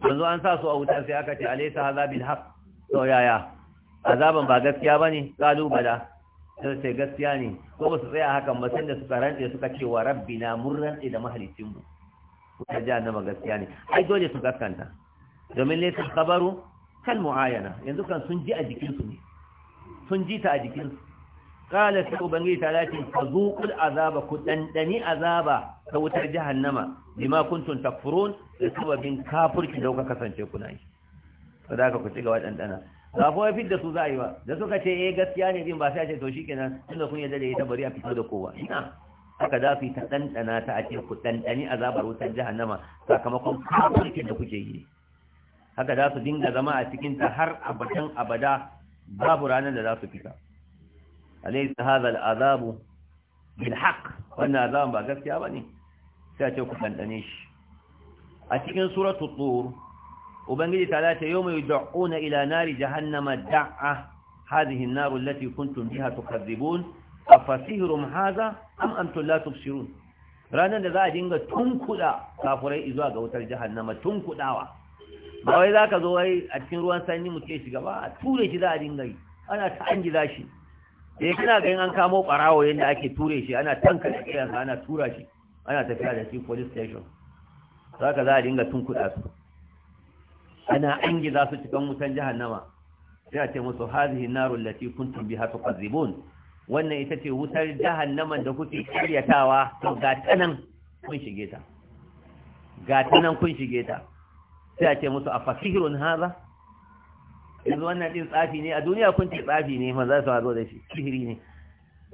yanzu an sa su a wuta sai aka ce alaysa hadha bil haqq to yaya azaban ba gaskiya bane qalu bala sai sai gaskiya ne ko ba su tsaya hakan ba sai da suka rantse suka ce wa rabbina mun rantse da mu? wutar jahannama gaskiya ne ai dole su gaskanta domin laifin kabaru kan mu'ayana yanzu kan sun ji a jikinsu ne sun ji ta a jikinsu kala sai ubangiji ta lati ka zuƙul azaba ku ɗanɗani azaba ta wutar jahannama bima kuntum takfurun da sababin kafurki, da kuka kasance kuna yi za ka ku ci gaba ɗanɗana ba kuma fi da su za a yi ba da suka ce eh gaskiya ne din ba sai a ce to kenan tunda kun yarda da ita bari a fito da kowa ina haka za su yi ta ɗanɗana ta a ce ku ɗanɗani azabar wutar jahannama sakamakon kafirkin da kuke yi haka za su dinga zama a cikinta har abadan abada babu ranar da za su fita alaysa hadha al'azabu bil haqq wannan azaban ba gaskiya bane sai a ce ku ɗanɗane shi a cikin suratul tur ubangiji ta yau mai yud'una ila nari jahannama da'a hadhihi an-nar allati kuntum biha tukadzibun afasihirum haza am antum la tubsirun ranar da za a dinga tunkuda kafurai izuwa ga wutar jahannama tunkudawa ba wai zaka zo wai a cikin ruwan sanyi mu ce shiga ba a ture shi za a dinga yi ana ta an gida shi eh kana ganin an kamo barawo yanda ake ture shi ana tanka da kansa ana tura shi ana tafiya da shi police station zaka za a dinga tunkuda su ana an gida su cikin wutar jahannama sai a ce musu hadhihi narul lati kuntum biha tukazzibun wannan ita ce wutar jahannaman da kuke karyatawa to ga tanan kun shige ta ga tanan kun shige ta sai a ce musu a fasihirun haza yanzu wannan din tsafi ne a duniya kun ce tsafi ne maza su hazo da shi sihiri ne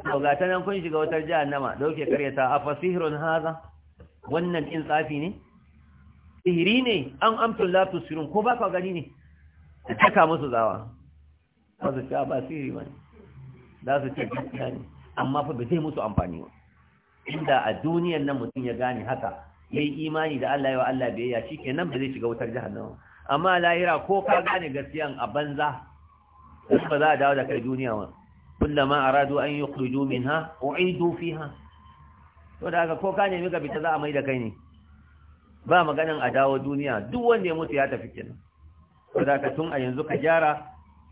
to ga tanan kun shiga wutar jahannama da kuke karyata a fasihirun haza wannan din tsafi ne sihiri ne an amtun la tusirun ko ba ka gani ne ta taka musu zawa ba su ba sihiri ba ne za su ce gaskiya ne amma fa ba zai musu amfani ba inda a duniyar nan mutum ya gane haka yi imani da Allah yawa Allah biyayya nan ba zai shiga wutar jahannama amma lahira ko ka gane gaskiya a banza ba za a dawo da kai duniya ba kullama aradu an yukhruju minha u'idu fiha to da haka ko ka nemi ka fita za a mai da kai ne ba maganan a dawo duniya duk wanda ya mutu ya tafi kenan to da ka tun a yanzu ka gyara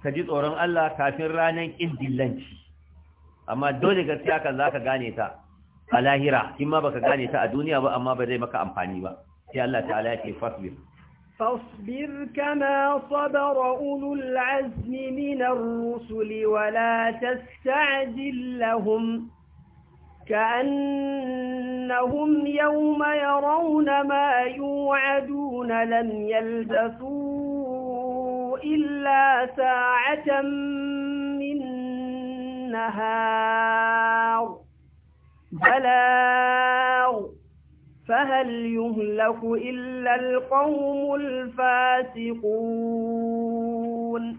ka ji tsoron Allah kafin ranar ƙin dillanci amma dole gaskiya kan za ka gane ta a lahira in ma ka gane ta a duniya ba amma ba zai maka amfani ba sai Allah ta'ala ya ce fasbir فاصبر ulul صبر أولو العزم من الرسل ولا تستعجل لهم كأنهم يوم يرون ما يوعدون لم يلبثون إلا ساعة من نهار بلاغ فهل يهلك إلا القوم الفاسقون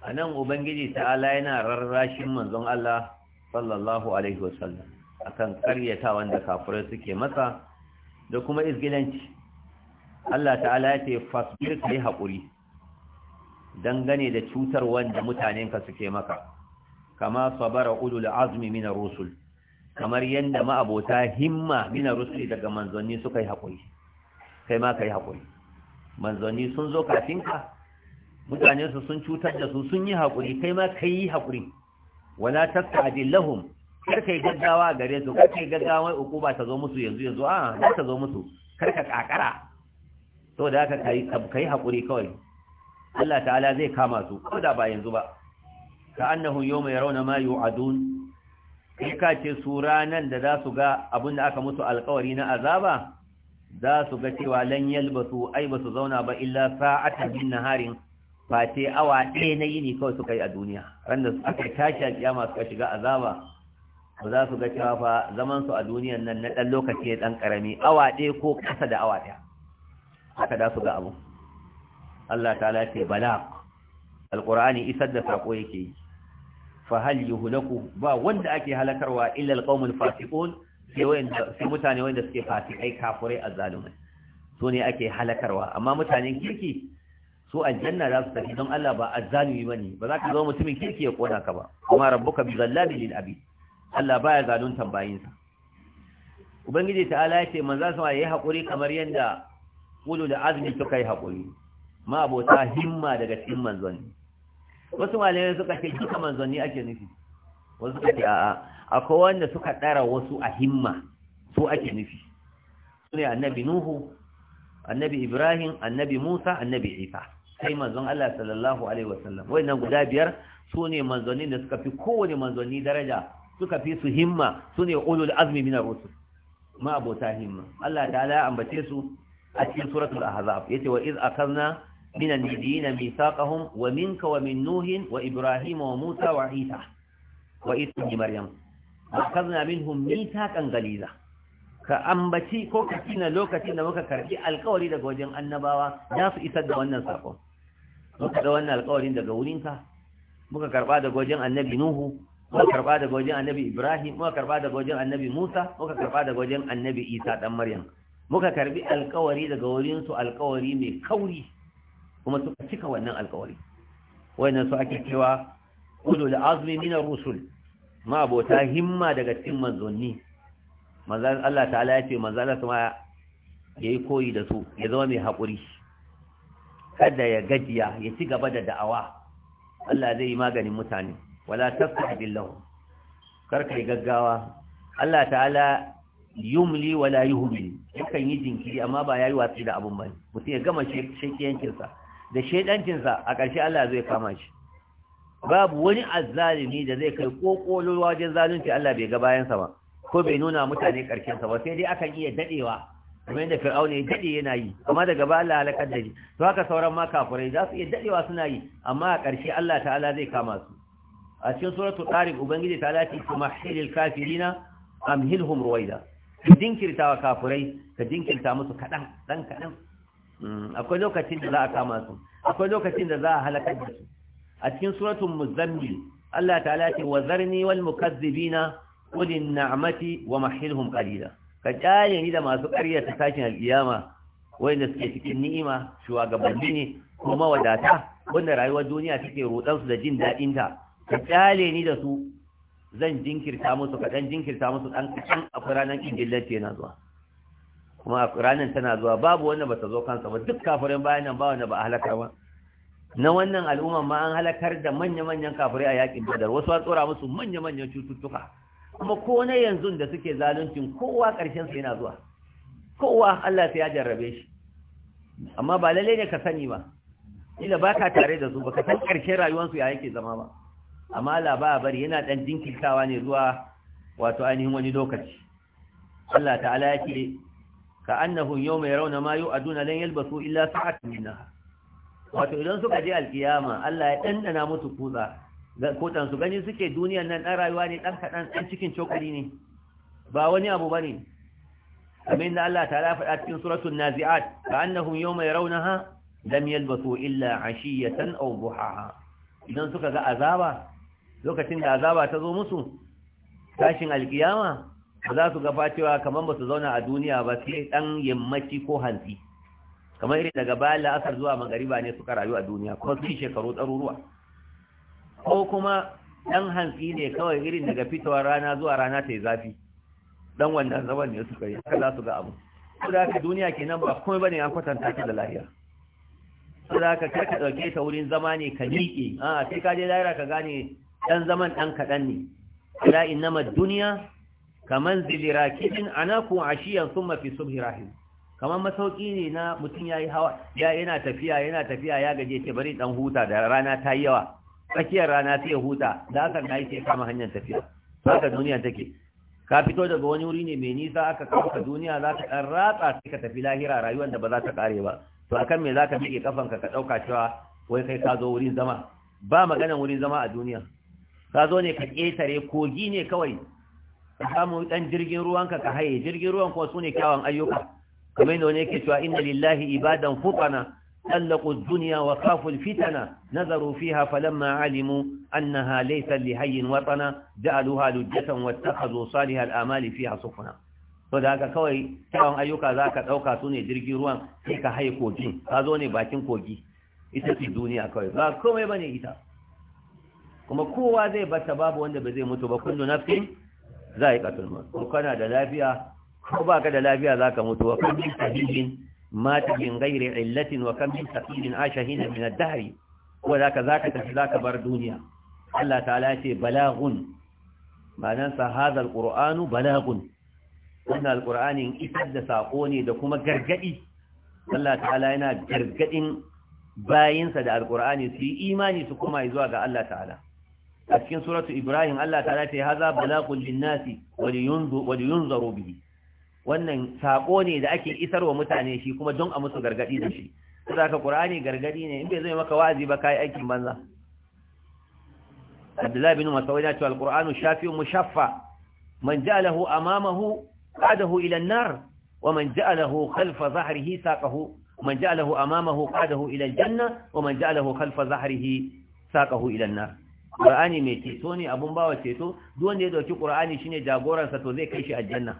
a nan ubangiji ta'ala yana rarrashin manzon Allah sallallahu alaihi wasallam akan karyatawan da kafirai suke masa da kuma izgilanci Allah ta'ala ya ce fasbir kai haƙuri dangane da cutar wanda mutanenka suke maka kama sabara ulul azmi min rusul kamar yanda ma'abota himma min rusul daga manzanni suka yi hakuri kai ma kai hakuri manzanni sun zo kafin ka mutane su sun cutar da su sun yi hakuri kai ma kai yi hakuri wala tasta'dil lahum kar kai gaggawa gare su kar kai gaggawa ukuba ta zo musu yanzu yanzu ah, a ta zo musu kar ka kakara to da haka kai kai hakuri kawai Allah ta'ala zai kama su ko da ba yanzu ba ka annahu yawma yarawna ma yu'adun kai ka ce su ranan da za su ga abin da aka musu alkawari na azaba za su ga cewa lan yalbasu ai ba su zauna ba illa sa'atan min naharin fate awa ɗaya na yini kawai suka yi a duniya ran da suka tashi a kiyama suka shiga azaba ba za su ga cewa fa zaman su a duniyan nan na ɗan lokaci ne ɗan ƙarami awa ɗaya ko ƙasa da awa ɗaya haka za su ga abu Allah ta'ala ce balaq alqur'ani isar da sako yake yi fa hal yuhlaku ba wanda ake halakarwa illa alqaumul fasiqun sai wanda sai mutane wanda suke fasikai kafirai azzalumai su ne ake halakarwa amma mutanen kirki su aljanna za su tafi don Allah ba azzalumi bane ba za ka zama mutumin kirki ya kona ka ba kuma rabbuka bi zallabi lil abi Allah baya zaluntan bayinsa ubangiji ta'ala ya ce manzo sama yayi hakuri kamar yanda qulu da azmi suka yi hakuri ma abota himma daga cikin manzanni wasu malamai suka ce kika manzanni ake nufi wasu suka ce a'a akwai wanda suka ɗara wasu a himma su ake nufi su ne annabi nuhu annabi ibrahim annabi musa annabi isa sai manzon Allah sallallahu alaihi wasallam na guda biyar su ne manzanni da suka fi kowane manzanni daraja suka fi su himma su ne ulul azmi min ar-rusul ma abota himma Allah ta'ala ya ambace su a cikin suratul ahzab yace wa iz akhadna من النبيين ميثاقهم ومنك ومن نوه وإبراهيم وموسى وعيسى وإيسى مريم أخذنا منهم ميثاقا غليظا كأنبتي كوكتين لوكتين وككاربي القولي دا قوة النباوة ناس إيسى دواننا ساقو دواننا القولي دا قولين كا وككاربا دا قوة النبي نوه وككاربا دا قوة النبي إبراهيم وككاربا دا قوة النبي موسى وككاربا دا قوة النبي إيسى مريم وككاربي القولي دا قولين سو القولي من قولي kuma suka cika wannan alkawari wayannan su ake cewa kudu azmi min ar-rusul ma ta himma daga cikin manzonni manzan Allah ta'ala ya ce Allah kuma yayi koyi da su ya zama mai hakuri kada ya gajiya ya ci gaba da da'awa Allah zai yi maganin mutane wala tafsah billahu kar kai gaggawa Allah ta'ala yumli wala yuhmil yakan yi jinkiri amma ba yayi watsi da abun ba. mutum ya gama shekiyancin sa da shaidancinsa a ƙarshe Allah zai kama shi babu wani azzalimi da zai kai kokolon wajen zalunci Allah bai ga bayansa ba ko bai nuna mutane ƙarshensa ba sai dai akan iya daɗewa. kamar yadda fir'auna ya dade yana yi amma daga ba Allah halakar da shi to haka sauran ma kafirai za su iya dadewa suna yi amma a ƙarshe Allah ta'ala zai kama su a cikin suratul tariq ubangiji ta'ala ce kuma hilil kafirina amhilhum ruwaida dinkirtawa kafirai ka dinkirta musu kadan dan kadan Mm, akwai lokacin da za a kama su akwai lokacin da za a halakar da su a cikin suratul muzammil Allah ta'ala ce wa zarni wal mukazzibina ulin ni'mati wa mahilhum qalila ka kyale ni da masu ƙarya ta tashin alkiyama wanda suke cikin ni'ima shugabanni ne kuma wadata wanda rayuwar duniya take rodan su da jin dadin ta ka kyale ni da su zan jinkirta musu kaɗan jinkirta musu ɗan kaɗan a ranar ƙingillar ce na zuwa kuma ranar tana zuwa babu wanda ba ta zo kansa ba duk kafirin bayan nan ba wanda ba a halaka ba na wannan al'umma ma an halakar da manya-manyan kafirai a yakin badar wasu an tsora musu manya-manyan cututtuka kuma ko na yanzu da suke zaluncin kowa ƙarshen su yana zuwa kowa Allah ya jarrabe shi amma ba lalle ne ka sani ba ila baka tare da su baka san ƙarshen su ya yake zama ba amma Allah ba bari yana dan jinkirtawa ne zuwa wato ainihin wani lokaci Allah ta'ala yake Ka كأنهم يوم يرون ما يؤدون لن يلبثوا إلا ساعة من نهار wato idan suka je alkiyama Allah ya dandana mutu kuza kotan su gani suke duniyar nan Ɗan rayuwa ne ɗan kaɗan, ɗan cikin cokali ne ba wani abu ba ne. amin da Allah ta ta'ala faɗa cikin suratul nazi'at ka'annahum yawma yarawnaha lam yalbasu illa 'ashiyatan aw duhaha idan suka ga azaba lokacin da azaba ta zo musu tashin alkiyama ba za su gaba cewa kamar ba su zauna a duniya ba sai ɗan yammaci ko hanzi. kamar irin daga bayan la'asar zuwa magariba ne suka rayu a duniya ko sun shekaru ɗaruruwa ko kuma ɗan hanzi ne kawai irin daga fitowar rana zuwa rana ta yi zafi ɗan wannan zaman ne suka yi haka za su ga abu ko da haka duniya kenan ba ba bane an kwatanta ta da lahiya su da haka kar ka ɗauke ta wurin zama ne ka liƙe a sai ka je lahira ka gane ɗan zaman ɗan kaɗan ne ila innama duniya kaman zilira anaku ashiyan thumma fi subhi rahim kaman masauki ne na mutun yayi hawa ya yana tafiya yana tafiya ya gaje ce bari dan huta da rana ta yi yawa tsakiyar rana sai huta da aka dai ce kama hanyar tafiya haka duniya take ka fito daga wani wuri ne mai nisa aka kafa duniya za ka dan ratsa sai ka tafi lahira rayuwar da ba za ta kare ba to akan me za ka miƙe kafanka ka ɗauka cewa wai kai ka zo wurin zama ba maganan wurin zama a duniya ka zo ne ka ƙetare kogi ne kawai ka samu dan jirgin ruwanka ka haye jirgin ruwan ko sune kyawun ayyuka kamar yadda wani yake cewa inna lillahi ibadan futana طلقوا الدنيا وخافوا الفتنة نظروا فيها فلما علموا أنها ليس لحي وطنا جعلوها لجة واتخذوا صالح الآمال فيها صفنا فذاك كوي كوان أيوكا ذاك أوكا سوني درجي روان تيكا هاي كوجين هذوني bakin kogi ita ce duniya kawai ba komai bane ita kuma kowa zai bata babu wanda ba zai mutu ba kullu nafsin za a yi ko kana da lafiya ko ba ka da lafiya za ka mutu wa kan bin sahihin mata bin gairi illatin wa kan bin sahihin ashahin min ad-dahri ko za ka tafi za bar duniya Allah ta'ala ya ce balagun ma'anan sa hadha al balagun wannan al isar da sako ne da kuma gargaɗi. Allah ta'ala yana gargaɗin bayinsa da al-qur'ani su yi imani su kuma yi zuwa ga Allah ta'ala a cikin suratu ibrahim Allah ta ce haza balaqul linnasi wa liyunzaru bihi wannan sako ne da ake isar wa mutane shi kuma don a musu gargadi da shi saboda qur'ani gargadi ne in bai zai maka wazi ba kai aikin banza Abdullahi bin Mas'ud na ce al shafi mu mushaffa man ja ja'alahu amamahu qadahu ila an-nar wa man ja'alahu khalfa dhahrihi saqahu man ja'alahu amamahu qadahu ila al-janna wa man ja'alahu khalfa dhahrihi saqahu ila an-nar qur'ani mai ceto ne abun bawa ceto duk wanda ya dauki qur'ani shine jagoransa to zai kai shi aljanna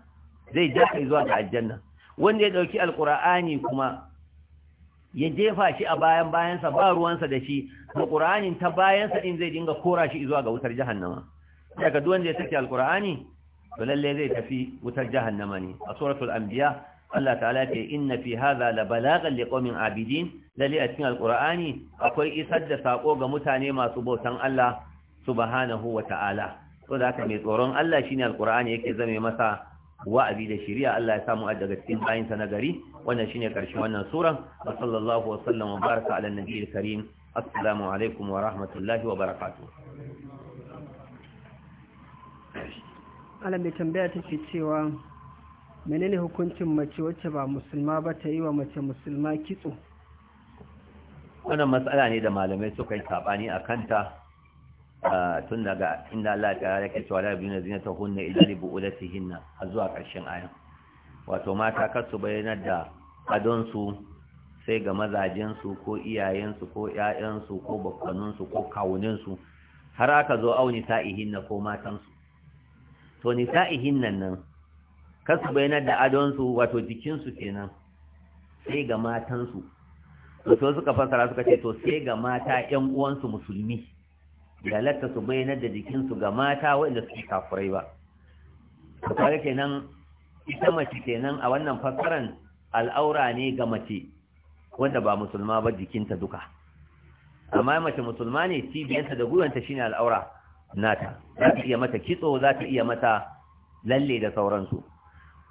zai ja kai zuwa ga aljanna wanda ya dauki alqur'ani kuma ya jefa shi a bayan bayansa ba ruwansa da shi to ƙur'ani ta bayansa din zai dinga kora shi zuwa ga wutar jahannama daga duk wanda ya saki alqur'ani to lalle zai tafi wutar jahannama ne a suratul anbiya Allah ta'ala ce inna fi hadha la balagan liqaumin abidin lalle a cikin alqur'ani akwai isar da sako ga mutane masu bautan Allah subhanahu wa ta'ala to da haka mai tsoron Allah shine alqur'ani yake zame masa wa'azi da shari'a Allah ya samu daga cikin bayin sa nagari wannan shine karshen wannan sura wa sallallahu wa sallama wa baraka ala nabiyil karim assalamu alaikum wa rahmatullahi wa barakatuh alam mai tambaya take cewa menene hukuncin mace wacce ba musulma ba ta yi wa mace musulma kitso wannan matsala ne da malamai suka yi saɓani a kanta tun daga inda Allah ta yake cewa la zina ta hunna illa li bu'ulatihinna har zuwa ƙarshen aya wato mata kar su bayyana da adon su sai ga mazajin su ko iyayen su ko ƴaƴan su ko bakkanun su ko kawunin su har aka zo auni sa'ihinna ko matan su to ni sa'ihinnan nan kar su bayyana da adon su wato jikin su kenan sai ga matan su to suka fasara suka ce to sai ga mata ƴan uwan su musulmi halatta su bayyana da jikinsu ga mata waɗanda suke kafurai ba to kare kenan ita mace kenan a wannan fassaran al'aura ne ga mace wanda ba musulma ba jikinta duka amma mace musulma ne cibiyarta da gwiwanta shine al'aura nata za ta iya mata kitso za ta iya mata lalle da sauransu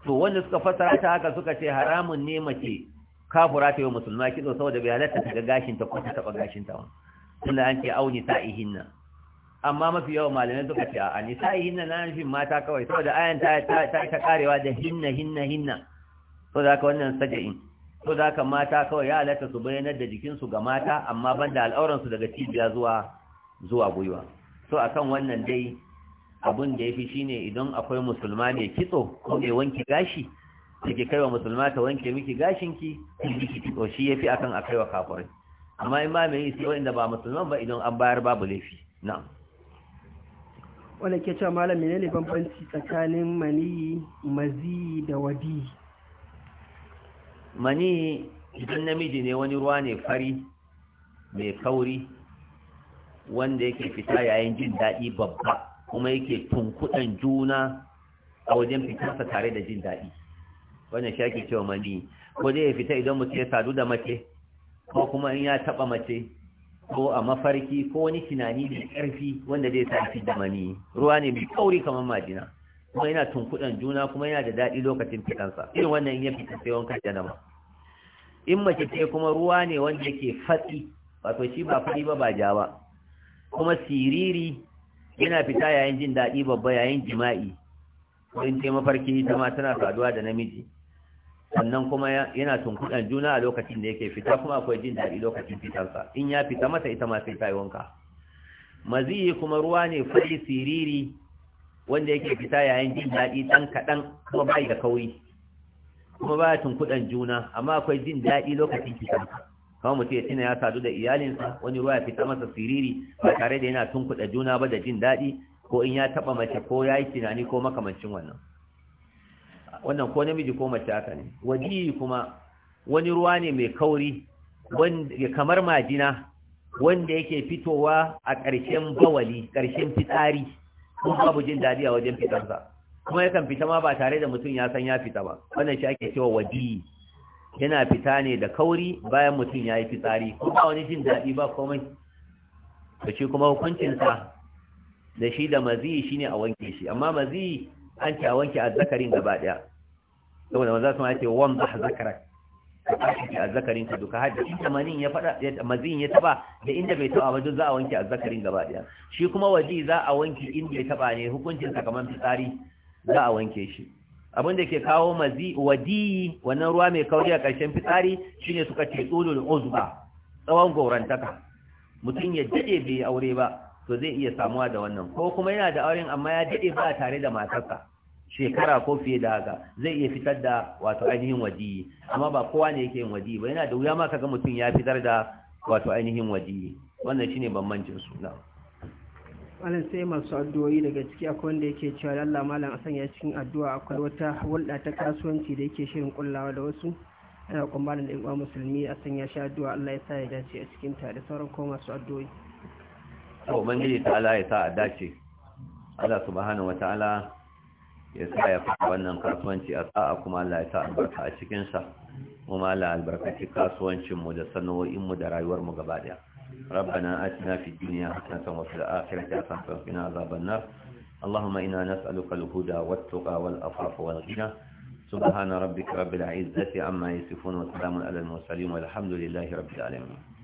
to wanda suka fassara ta haka suka ce haramun ne mace kafura ta yi musulma kitso saboda bai halatta ta ga gashinta ko ta taɓa gashinta wani tunda an ce auni sa'ihin nan amma mafi yawan malamai suka ce a sai hinna na nufin mata kawai saboda ayan ta ta karewa da hinna hinna hinna to da ka wannan saja'in to da ka mata kawai ya halatta su bayyana da su ga mata amma ban da su daga cibiya zuwa zuwa gwiwa so akan wannan dai abun da ya fi shine idan akwai musulma ne kitso ko mai wanki gashi take kaiwa musulma ta wanke miki gashinki miki kitso shi yafi akan a kafirai amma in sai wanda ba musulman ba idan an bayar babu laifi na'am wanda ke cewa malam menene bambanci tsakanin mani mazi da wadi mani idan namiji ne wani ruwa ne fari mai kauri wanda yake fita yayin jin daɗi babba kuma yake tunkuɗan juna a wajen fitarsa tare da jin daɗi wannan shi ake cewa mani ko dai ya fita idan mutum ya sadu da mace ko kuma in ya taɓa mace ko a mafarki ko wani tunani mai ƙarfi wanda zai sa da mani ruwa ne mai kauri kamar majina kuma yana tunkuɗan juna kuma yana da daɗi lokacin fitansa irin wannan in ya fita sai wankan janama. in mace ce kuma ruwa ne wanda yake fatsi wato shi ba fari ba ba ja ba kuma siriri yana fita yayin jin daɗi babba yayin jima'i ko in ce mafarki ita ma tana saduwa da namiji sannan kuma yana tunkuɗan juna a lokacin da yake fita kuma akwai jin daɗi lokacin fitarsa in ya fita mata ita ma sai ta yi wanka maziyi kuma ruwa ne fari siriri wanda yake fita yayin jin daɗi ɗan kaɗan kuma bai da kauri kuma baya tunkuɗan juna amma akwai jin daɗi lokacin fitarsa kawai mutum ya tina ya sadu da iyalinsa wani ruwa ya fita masa siriri ba tare da yana tunkuɗa juna ba da jin daɗi ko in ya taɓa mace ko ya yi tunani ko makamancin wannan wannan ko namiji ko mace haka ne waji kuma wani ruwa ne mai kauri wanda kamar majina wanda yake fitowa a ƙarshen bawali ƙarshen fitsari kuma babu jin daɗi a wajen fitarsa kuma yakan fita ma ba tare da mutum ya san ya fita ba wannan shi ake cewa waji yana fita ne da kauri bayan mutum ya yi fitsari ko ba wani jin daɗi ba komai da shi kuma hukuncinsa da shi da mazi shine a wanke shi amma mazi an ce a wanke azzakarin gaba daya saboda manzo sun ce wan ba zakarak ka tashi azzakarin ka duka hadda inda manin ya fada mazin ya taba da inda bai taba wajen za a wanke azzakarin gaba daya shi kuma waje za a wanke in bai taba ne hukuncin sa kaman fitsari za a wanke shi abin da ke kawo mazi wadi wannan ruwa mai kauri a ƙarshen fitsari shine suka ce tsulul uzba tsawon gorantaka mutum ya dade bai aure ba to zai iya samuwa da wannan ko kuma yana da auren amma ya daɗe ba tare da matarsa shekara ko fiye da haka zai iya fitar da wato ainihin wajiyi amma ba kowa ne yake yin wajiyi ba yana da wuya ma kaga mutum ya fitar da wato ainihin wajiyi wannan shine bambancin su na wannan sai masu addu'o'i daga ciki akwai wanda yake cewa Allah malam asan ya cikin addu'a akwai wata hulɗa ta kasuwanci da yake shirin kullawa da wasu ana kuma malam da yan musulmi asan ya sha addu'a Allah ya sa ya dace a cikin ta da sauran kuma masu addu'o'i sa Ubangiji ta'ala ya sa a dace, Allah subhanahu wa ta'ala ya sa ya wannan kasuwanci a sa’a kuma Allah ya sa albarka a cikinsa, kuma Allah albarkaci kasuwancinmu da sanuwa’inmu da rayuwarmu gaba daya. Rabbana a cina fi duniya hasantan wasu da akira ta sanfa fina zaben nan, Allahumma ina nas aluka lahuda wato kawal afafa wal gina, subhana rabbi ka rabbi da'izzati amma yasifun wasu damar alal musalim walhamdulillahi rabbi da'alamin.